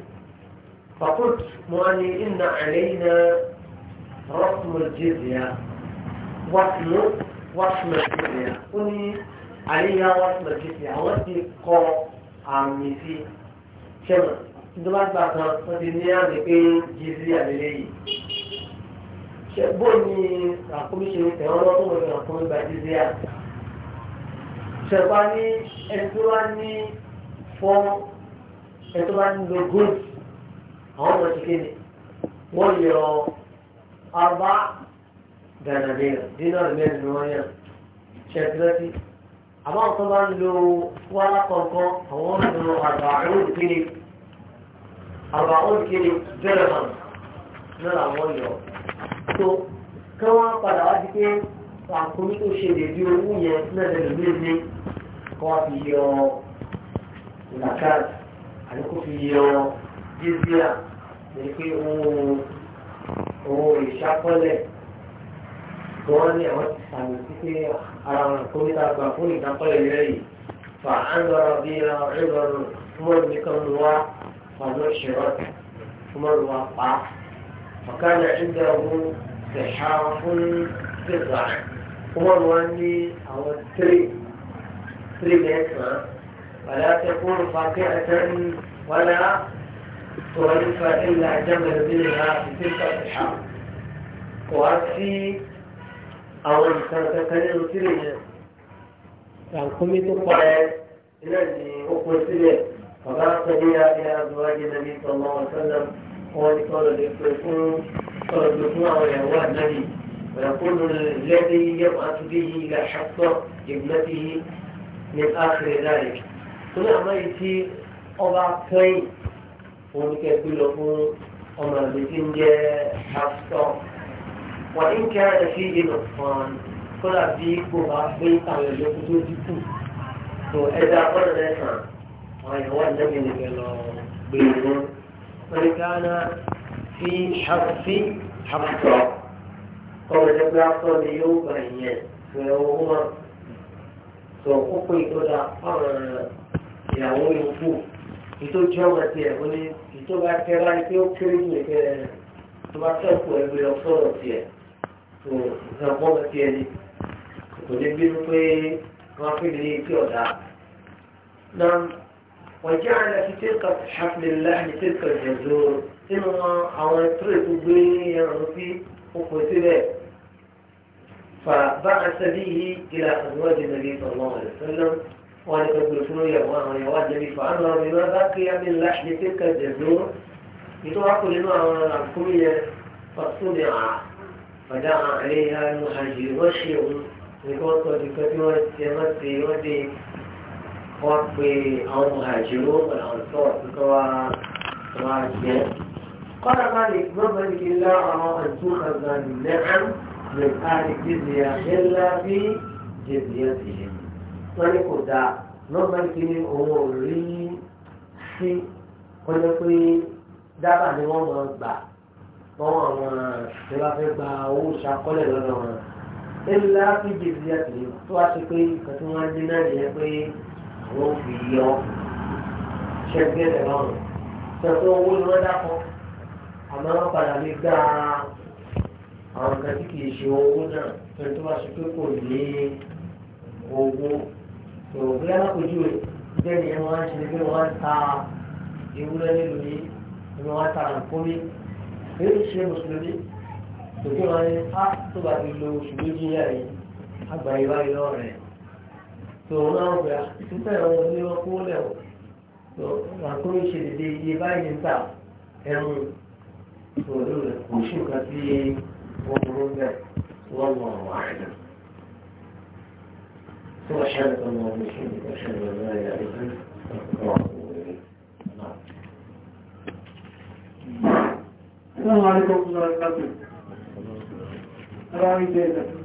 فقلت مؤني إن علينا رسم الجزية واسم واسم الجزية قلني عليها واسم الجزية ودي قو عمي في شمع ìjọba gba kan wọ́n ti ní àmì pé jíjí àlélẹ́ ṣe bó ni àkómi ṣe tẹ̀wọ́n lọ́wọ́ tó wọ́n àkómi gba jíjí àti ṣẹ̀pá ní ẹni tó bá ní fọ́n ẹni tó bá ní lo gold àwọn ọmọ ṣìkè ni wọ́n yọ abá dànàdìrà dínà mẹ́rin ni wọ́n yàn ṣẹ̀tìrẹ́tì àmọ́ àwọn tó bá ń lo wàhálà kọ̀ọ̀kan àwọn ọmọ ìlú àgbà òòlù kiri àgbà òòlù kiri bẹ̀rẹ̀ hàn náà làwọn yọ tó kí padà wá di pé àkóní tó ṣe lè di owó yẹn náà lè lè lè kọ́ wá fi yọ zakat àbí kó fi yọ jizya ní pé ohun ìṣàkọọ́lẹ̀ tó wọ́n ní àwọn ti sàmì sí pé ara wọn kò ní ta fún ìdákọ́lẹ̀ lẹ́yìn fà á lọ́rọ̀ bí ra ìrọ̀rùn mọ́ọ̀lù nìkan ló wá fàánù ṣẹ̀rọ̀ mọ́ọ̀lù wa pa á. وكان عنده سحاف بضع هو الواني أو التري ولا تكون خاطئة ولا تغلف إلا جمل بنها في تلك الحال وأكفي أو يعني أن تتكلم كلمة فأنكم تقعد الذي أقول سرية فما سبيل إلى أزواج النبي صلى الله عليه وسلم هو قول الإفرسون قول الدفوع ويهوى النبي ويقول الذي يبعث به إلى حق ابنته ní ákìrẹ́ láì torí àmọ́ yìí tí ọba kẹ́yìn òun ní kẹ́ẹ́ gbé lọ fún ọmọ ìlú tí ń jẹ́ pásítọ̀ wà ní kí ara fi ìlú kan kọ́lá bí kò bá gbé àwọn ìlú tó dínkù tó ẹja ọ̀dọ̀ mẹ́sàn-án àwọn ìyàwó àdébí nìkan lọ gbé ìlú wọn ní ká náà fi ṣàfi pásítọ̀ kọ́lá jẹ́ pásítọ̀ ni yóò gbà yẹn pẹ̀lú ọmọ sọ kókó ìtọ́jà fáwọn ìyàwó yòókù ìtọ́jú ọmọ tiẹ̀ ó ní ìtọ́ba kẹra pé ó kéré jù kẹ tó bá kẹ́kọ̀ọ́ ẹgbẹ́ ọ̀sọ́rọ̀ tiẹ̀ tó ìtọ́jú ọmọ tiẹ̀ ni kò ní bínú pé wọ́n fi lè kí ọ̀dà. náà wọ́n jẹ́ àlẹ́ fi tẹ́ka ṣàfihàn láàrin tẹ́ka ìjẹ̀dọ̀ nínú àwọn ẹ̀tọ́ ètò gbé ẹran sí فبعث به إلى أزواج النبي صلى الله عليه وسلم ولقد قلتم يا واد النبي فأمر بما بقي من لحم تلك الجزور يتوقع لما أنكم فصنع فدعا عليها المهاجر والشيعون ويقول بكتي والتمسي ودي وقف أو مهاجرون والأنصار فكوا راجع قال مالك ما ملك إلا أرى أن تؤخذ النعم lè káàdì jìbìyà ńlá bí jìbìyà ti yẹ wọ́n ní kò dáa lọ́gbà ní kíni òun ò rí sí kọjá pé dábàá ni wọ́n máa gbà wọ́n àwọn ṣe bá fẹ́ gba owó ṣàkọlẹ̀ lọ́dọ̀ wọn ńlá bí jìbìyà ti yẹ tó wá ṣe pé nǹkan tí wọ́n á dín náà nìyẹn pé àwọn ò fi yọ ṣẹ́gbẹ́rẹ̀ lọ́rùn ṣẹ́gbẹ́ owó ni wọ́n dákọ̀ àmọ́ wọ́n padà lè gbà á àwọn kan tí kìí ṣe owó náà tó tó bá ṣe pé kò ní owó tó bí alákòjú rẹ̀ bẹ́ẹ̀ ni wọ́n á ṣe ni pé wọ́n á ta ewúrẹ́ nílùú ní ni wọ́n á ta àǹkómi èyí ṣe mùsùlùmí tòkí wọn ni á ah, tó bá ti lo oṣù méjì yá yìí àgbà ìwáyé lọ́wọ́ rẹ̀ tó wọn náà gbà títẹ̀ àwọn oníwọ́n kó lẹ́wọ̀ àǹkómi ṣe dédé iye báyìí ń ta ẹ̀rù tó lóore ó burú bẹ́ẹ̀ wọ́n mọ̀ ọ́ àìdá. سبحانك اللهم وبحمدك اشهد ان لا اله الا انت استغفرك واتوب اليك السلام عليكم ورحمه الله وبركاته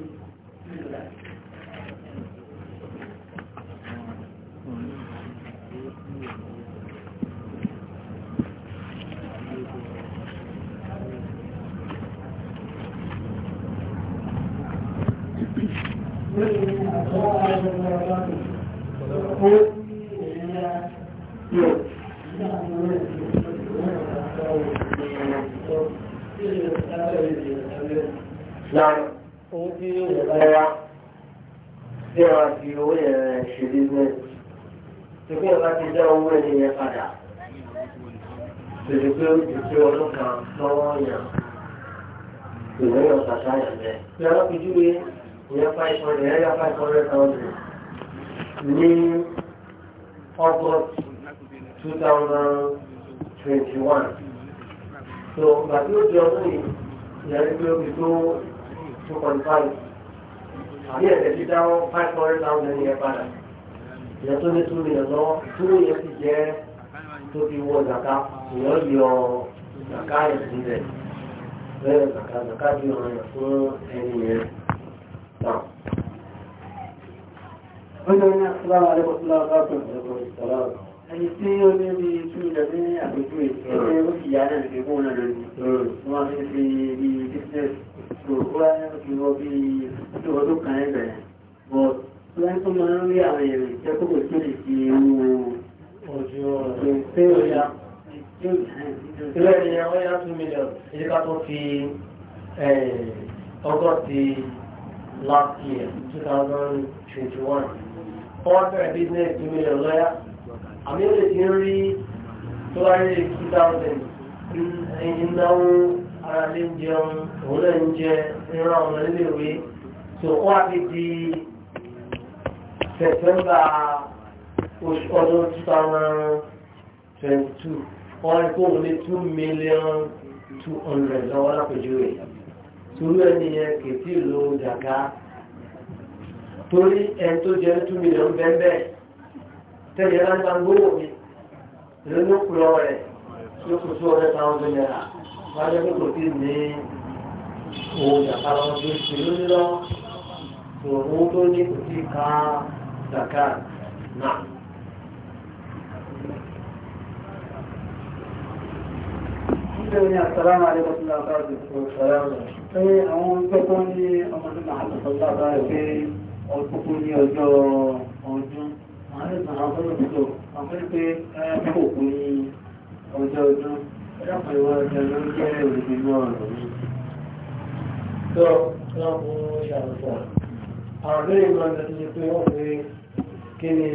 Òun tí yóò owó yẹn ṣe business. ti dá owó ẹni yẹn padà. Bèrè ti pé ọdún kan lọ́wọ́ yẹn. Ìwé yọ̀ sàtáyà mẹ́. Yàrá fi júwe ìyẹn five hundred ẹ̀yà five hundred thousand ní august two so gbàtí ó di ọdún yìí ìyẹn gbé omi tó two point five àbí ẹ̀jẹ̀ ti dáwọ́ five hundred thousand yẹn padà ìyẹn tó ní two million lọ́wọ́ two yẹn ti jẹ́ tó fi wọ zaka ìyẹn yọ zaka yẹn sílẹ̀ bẹ́ẹ̀ zaka zaka bí ọ̀rọ̀ fún ẹni yẹn. Ọjọ́rin àtúbára alẹ́kọ̀ọ́sílá ọ̀gáàtùn ìjọba ẹni tí ó ní bí tún ìdàbí àgbègbè hmm. ẹgbẹ́ ó sì yá náà lè mú ọ̀nà lórí. Hmm. Wọ́n fi fi bí business tó wá ní wọ́n bí tó ọdún kan ẹgbẹ̀rẹ̀. But wọ́n tó máa ń rí àwọn èrè jẹ́ kókò tó lè fi ewu ọjọ́ ọjọ́ pé ó yá. Ilé ìyàwó last year, 2021. Wọ́n bẹ̀rẹ̀ business two million a Àmì I lè ti ń rí tó wá rí two thousand ìnáwó ara lè ń jẹun, òun So wọ́n á fi September oṣù ọdún 2022. thousand twenty two. Wọ́n rí kóhùn ní two million two hundred lọ́wọ́ lápèjúwe torí ẹni yẹn kìtì lo jàgá torí ẹni tó jẹ́ two million bẹ́ẹ̀ tẹ́lẹ̀ láti máa ń gbówó mi lónìí ó kúrọ̀ rẹ̀ ló kù sí ọ̀rẹ́ thousand naira wọ́n á jẹ́ pé kò sí ní òun jàgá lọ́wọ́ tó ṣe lónìí lọ́wọ́ òun tó ní kò sí ká jàgá náà. ṣe ní àtàlámà àríwọ̀tún látàrí pé àwọn gbogbo ní ọmọdún àtàlámà pé ọgbogbo ní ọjọ́ ọdún àríwọ̀tún àwọn olùdó àwọn pé ẹ̀ẹ́kò kú ní ọjọ́ ọdún ẹ̀dàpọ̀ ìwọ̀ ọjọ́ ló jẹ́ òdìdí náà rẹ̀ ní. tó lọ́pọ̀ ṣàlùfọ̀ àwọn ìbéèrè máa ń lọ sí pé wọ́n fi kí ni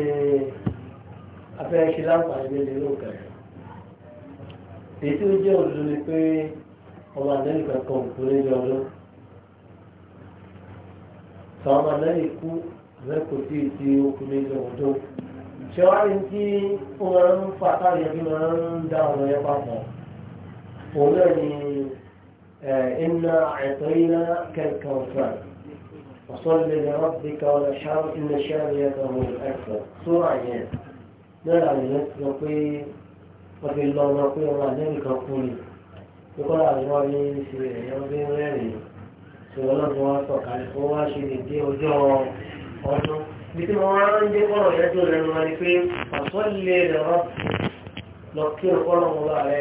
afẹ́ ṣe èyí tí ó jẹ́ òdodo ni pé ọmọ àdéhùn kankan kò ní jọ ọdún sọ ọmọ àdéhùn kú àbẹ́kò tí ì ti okù ní jọ ọdún ṣẹ́wáyé tí ó máa ń fa táyà bí máa ń dá ọ̀rọ̀ yẹn papọ̀ òun náà ni iná àìsàn iná kẹ́kọ̀ọ́ fún وصل لربك والأشعار إن شانيك هو الأكثر سورة يعني نرى لنسلقي wọ́n ti lọ ọmọ pé ọmọ àdéhùn kan kú ni kíkọ́ àwọn ọmọ ní ṣe ẹ̀yọ́ bí rẹ́rìn ṣùgbọ́n náà wọ́n sọ kalẹ̀ fún wá ṣe lè dé ọjọ́ ọdún bí tí wọ́n wá ń dé kọ́rọ̀ yẹn tó lẹ́nu wọn ni pé àsọ́lé lọ́rọ́ lọ kí ọkọ́rọ̀ wọn bá rẹ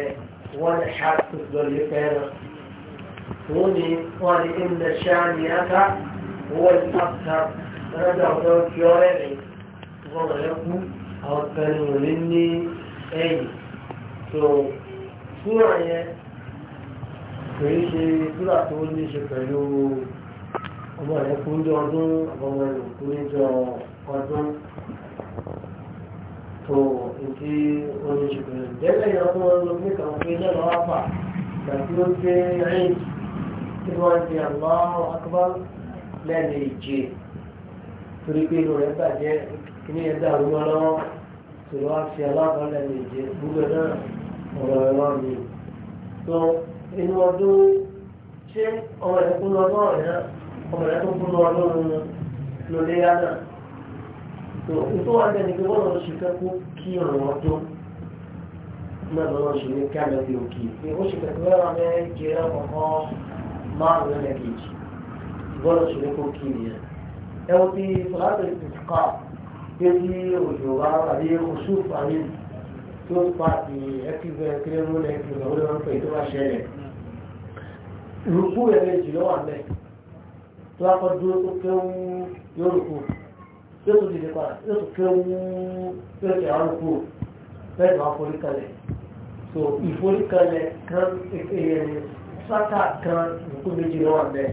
wọ́n ní ṣáàtù lórí fẹ́ràn wọ́n ní wọ́n ní ìmúlẹ̀ ṣáàmì áká wọ́n ní áká rẹ́dà ọ̀dọ́ kí ọ̀rẹ́ rẹ̀ wọ́n rẹ̀ kú àwọn kan ní òní ní ẹ̀yìn so súrà yẹn kìí ṣe súrà tó ní ṣe pẹ̀lú ọmọ rẹ̀ kú ní ọdún ọmọ rẹ̀ kú ní jọ ọdún tó ìdí oní ṣe pẹ̀lú dẹ́gbẹ̀ yẹn tó wọ́n lọ nípa pé lẹ́nu àpà tàbí ó gbé rìn tí wọ́n di Allahu Akbar lẹ́nu ìje torí pé inú ọ̀rọ̀ ẹ̀rọ mi tó inú ọdún ṣé ọmọ rẹ̀ kúnú ọdún ọ̀rẹ́ náà ọmọ rẹ̀ tó kúnú ọdún lólé yá náà tó ètò wà bẹ́ẹ̀ ni pé wọ́n lọ ṣe kẹ́kọ̀ọ́ kí ọ̀rọ̀ ọdún náà lọ́wọ́ ṣe ní kálọ̀ bí òkè pé ó ṣe kẹ́kọ̀ọ́ wẹ́rọ abẹ́ jẹ́ ọkọ̀ márùn tó ń pa àti ẹ́kìfẹ́ kírẹ́mú ní ẹ̀kìfẹ́ lọ́wọ́ lọ́wọ́ pé tó bá ṣẹlẹ̀ rúkú ẹ̀rẹ́ jù lọ́wọ́ àmẹ́ tó bá kọ́ dúró tó kéwú yóò rúkú yóò tó so ìforí kalẹ̀ kan sáká kan rúkú méjì lọ́wọ́ àmẹ́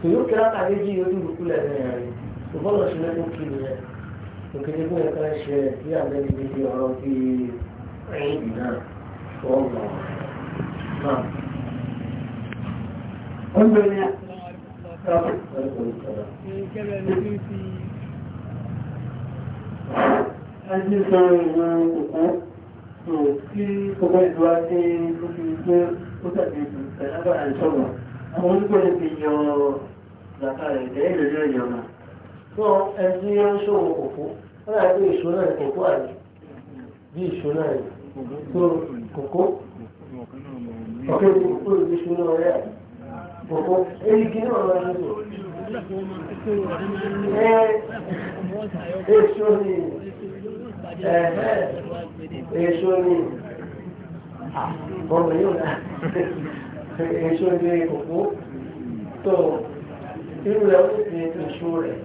tòyó kíláka méjì yóò tó rúkú lẹ́ẹ̀rẹ́ rẹ̀ tó bọ́lọ̀ ṣe lẹ́kọ̀ọ́ kí òkèlè bí wọn kàn ṣe bí àgbẹ̀bí níbi ọ̀rọ̀ bí ẹ̀yìn náà tó ń lọ náà. ó ń bẹ̀rẹ̀ ní Ẹjí sọ ìwọ̀n òkú tó kí gbogbo ìlú wa ní lórí pé ó tàbí ìpẹ̀lágbàrà ìṣọ́gbọ̀n. Àwọn olùgbọ́n ti yọ ìgbàkà rẹ̀ jẹ́ ìlú ìyọ̀nà. Tó ẹjí ó ṣòwò òkú wọ́n náà ní ìṣó náà ní kòkó àná bí ìṣó náà ní tó kòkó ọ̀kẹ́ kòkó ní ìṣó náà rẹ̀ kòkó erigi náà máa ń lò. Èso ni èso ni ọmọ yóò náà èso ni kòkó tó irú rẹ̀ ó sì ti èso rẹ̀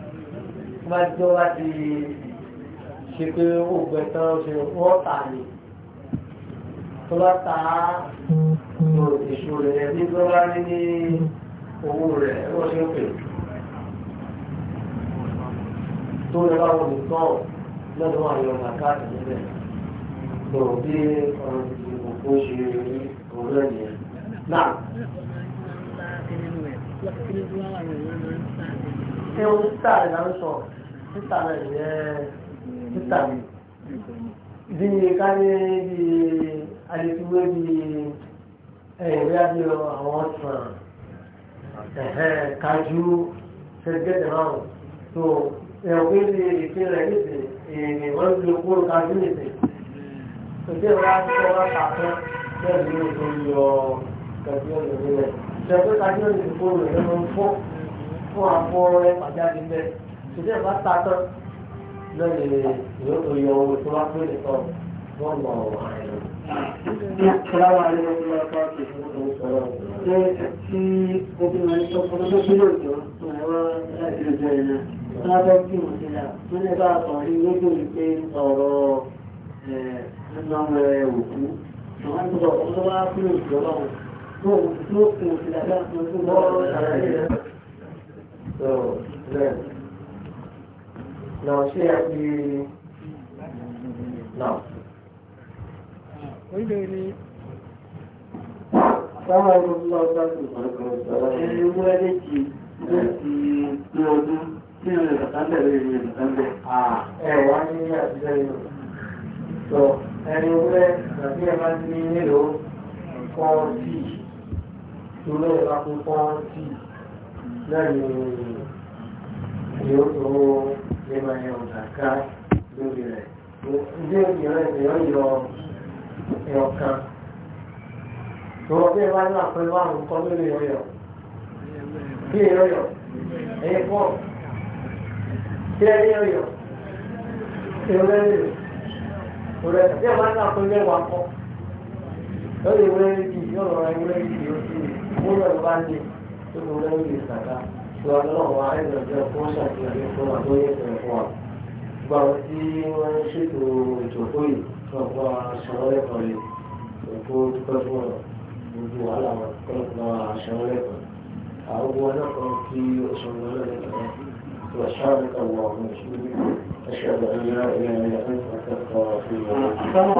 wọ́n á jọ ṣe pé ó gbẹ ṣe wọ́n ní tó bá ta ìṣò rẹ̀ ní tó bá ní ní owó rẹ̀ ó ṣe ń pè tó rẹ̀ báwo nìkan lọ́dún àyọ̀ làkáàtì níbẹ̀ tó bí ọ̀rọ̀ ìdìbò ṣe rẹ̀ là ń sọ, títà títà mi bí ká ní bí adétúwé bí ẹ̀yẹ́wé bí àwọn ọ̀sán kájú ṣẹ́gẹ́dẹ̀ márùn tó ẹ̀wọ́n pé bí ìpínlẹ̀ nìsí èèyàn wọ́n ti kó kájú nìsí òjò wa ti tẹ́ wá kàtọ́ bẹ́ẹ̀ ni ó tó yọ kájú ọ̀nà nílẹ̀ ṣẹ́gbẹ́ kájú ọ̀nà ìdìbò rẹ̀ ń fọ́ fún àfọ́ rẹ̀ pàjáde bẹ́ẹ̀ òjò wa ta tán náà ni yóò tó yọ owó tó wá pé nìkan wọ́n mọ̀ ọ́ àìrọ̀. Ìyáwó alẹ́ wọn lọ bá ti fún òun sọ̀rọ̀. Ṣé tí obìnrin sọ fún ọjọ́ sí lòjọ́ àwọn láti lè bẹ̀rẹ̀ náà? Wọ́n á bọ́ kí wọ́n ti là. Wọ́n lè bá a sọ̀rọ̀ ní lójú mi pé ọ̀rọ̀ ẹ̀ẹ́dọ́mọ ẹ̀ òkú. Àwọn àgbẹ̀ ọ̀hún ló wá fún òjò ọlọ́run. Tó òkú tó kù sí làbẹ́ àtúntò bọ́ọ̀lù àlàyé rẹ̀ náà ṣé ẹ ti náà. orílẹ̀ èdè ni. sáwọn ẹni tó lọ bá ti sọ̀rọ̀ ẹni owó ẹlẹ́jì ló ti pé ọdún tí ìrìn ìrìnàkánlẹ̀ rẹ̀ ìrìn ìrìnàkánlẹ̀. ẹ wá ní àtijọ́ yìí sọ ẹni owó ẹ àti ẹ máa ń ní nílò fọ́ọ̀tì tó lọ́wọ́ bá kó fọ́ọ̀tì lẹ́yìn ìyókù lè máa yọ ọ̀dàká lórí rẹ̀. Ǹjẹ́ ìran ènìyàn yọ ẹ̀yọ̀ kan? Ìwọ bí ẹ bá ní àpẹẹrẹ wà ń kọ́ lórí ìrọ̀yọ̀. Bí ìrọ̀yọ̀, ẹ̀yẹ pọ̀. Bí ẹ ní ìrọ̀yọ̀, ìrọ̀lẹ́ lè rẹ̀. Bí ẹ bá ní àpẹẹrẹ wà kọ́. Lọ́dọ̀ ìwé rẹ̀ kì í yọ̀rọ̀ rẹ̀ ìwé rẹ̀ kì í yọ̀ sí i. Mo yọ̀ lọ́ bá ń lè tó mo rẹ̀ ń lè sàdá ṣùgbọ́n ọlọ́run wa ẹ̀rọ ìjọ fún ṣàtìlẹ́yìn fún àgbóyè ìpínlẹ̀ fún wa gbogbo àwọn tí wọ́n ń ṣètò ìjòkó yìí fún ọ̀pọ̀ aṣọ́lẹ́kọ̀ọ́ yìí òkú dúpẹ́ fún ọ̀rọ̀ gbogbo wàhálà wọn kọ́lọ́pọ̀ aṣọ́lẹ́kọ̀ọ́ àwọn gbogbo wọn náà kan kí oṣù lọ́lọ́lẹ́kọ̀ọ́ وأشهد أن لا إله إلا أنت أستغفرك وأتوب إليك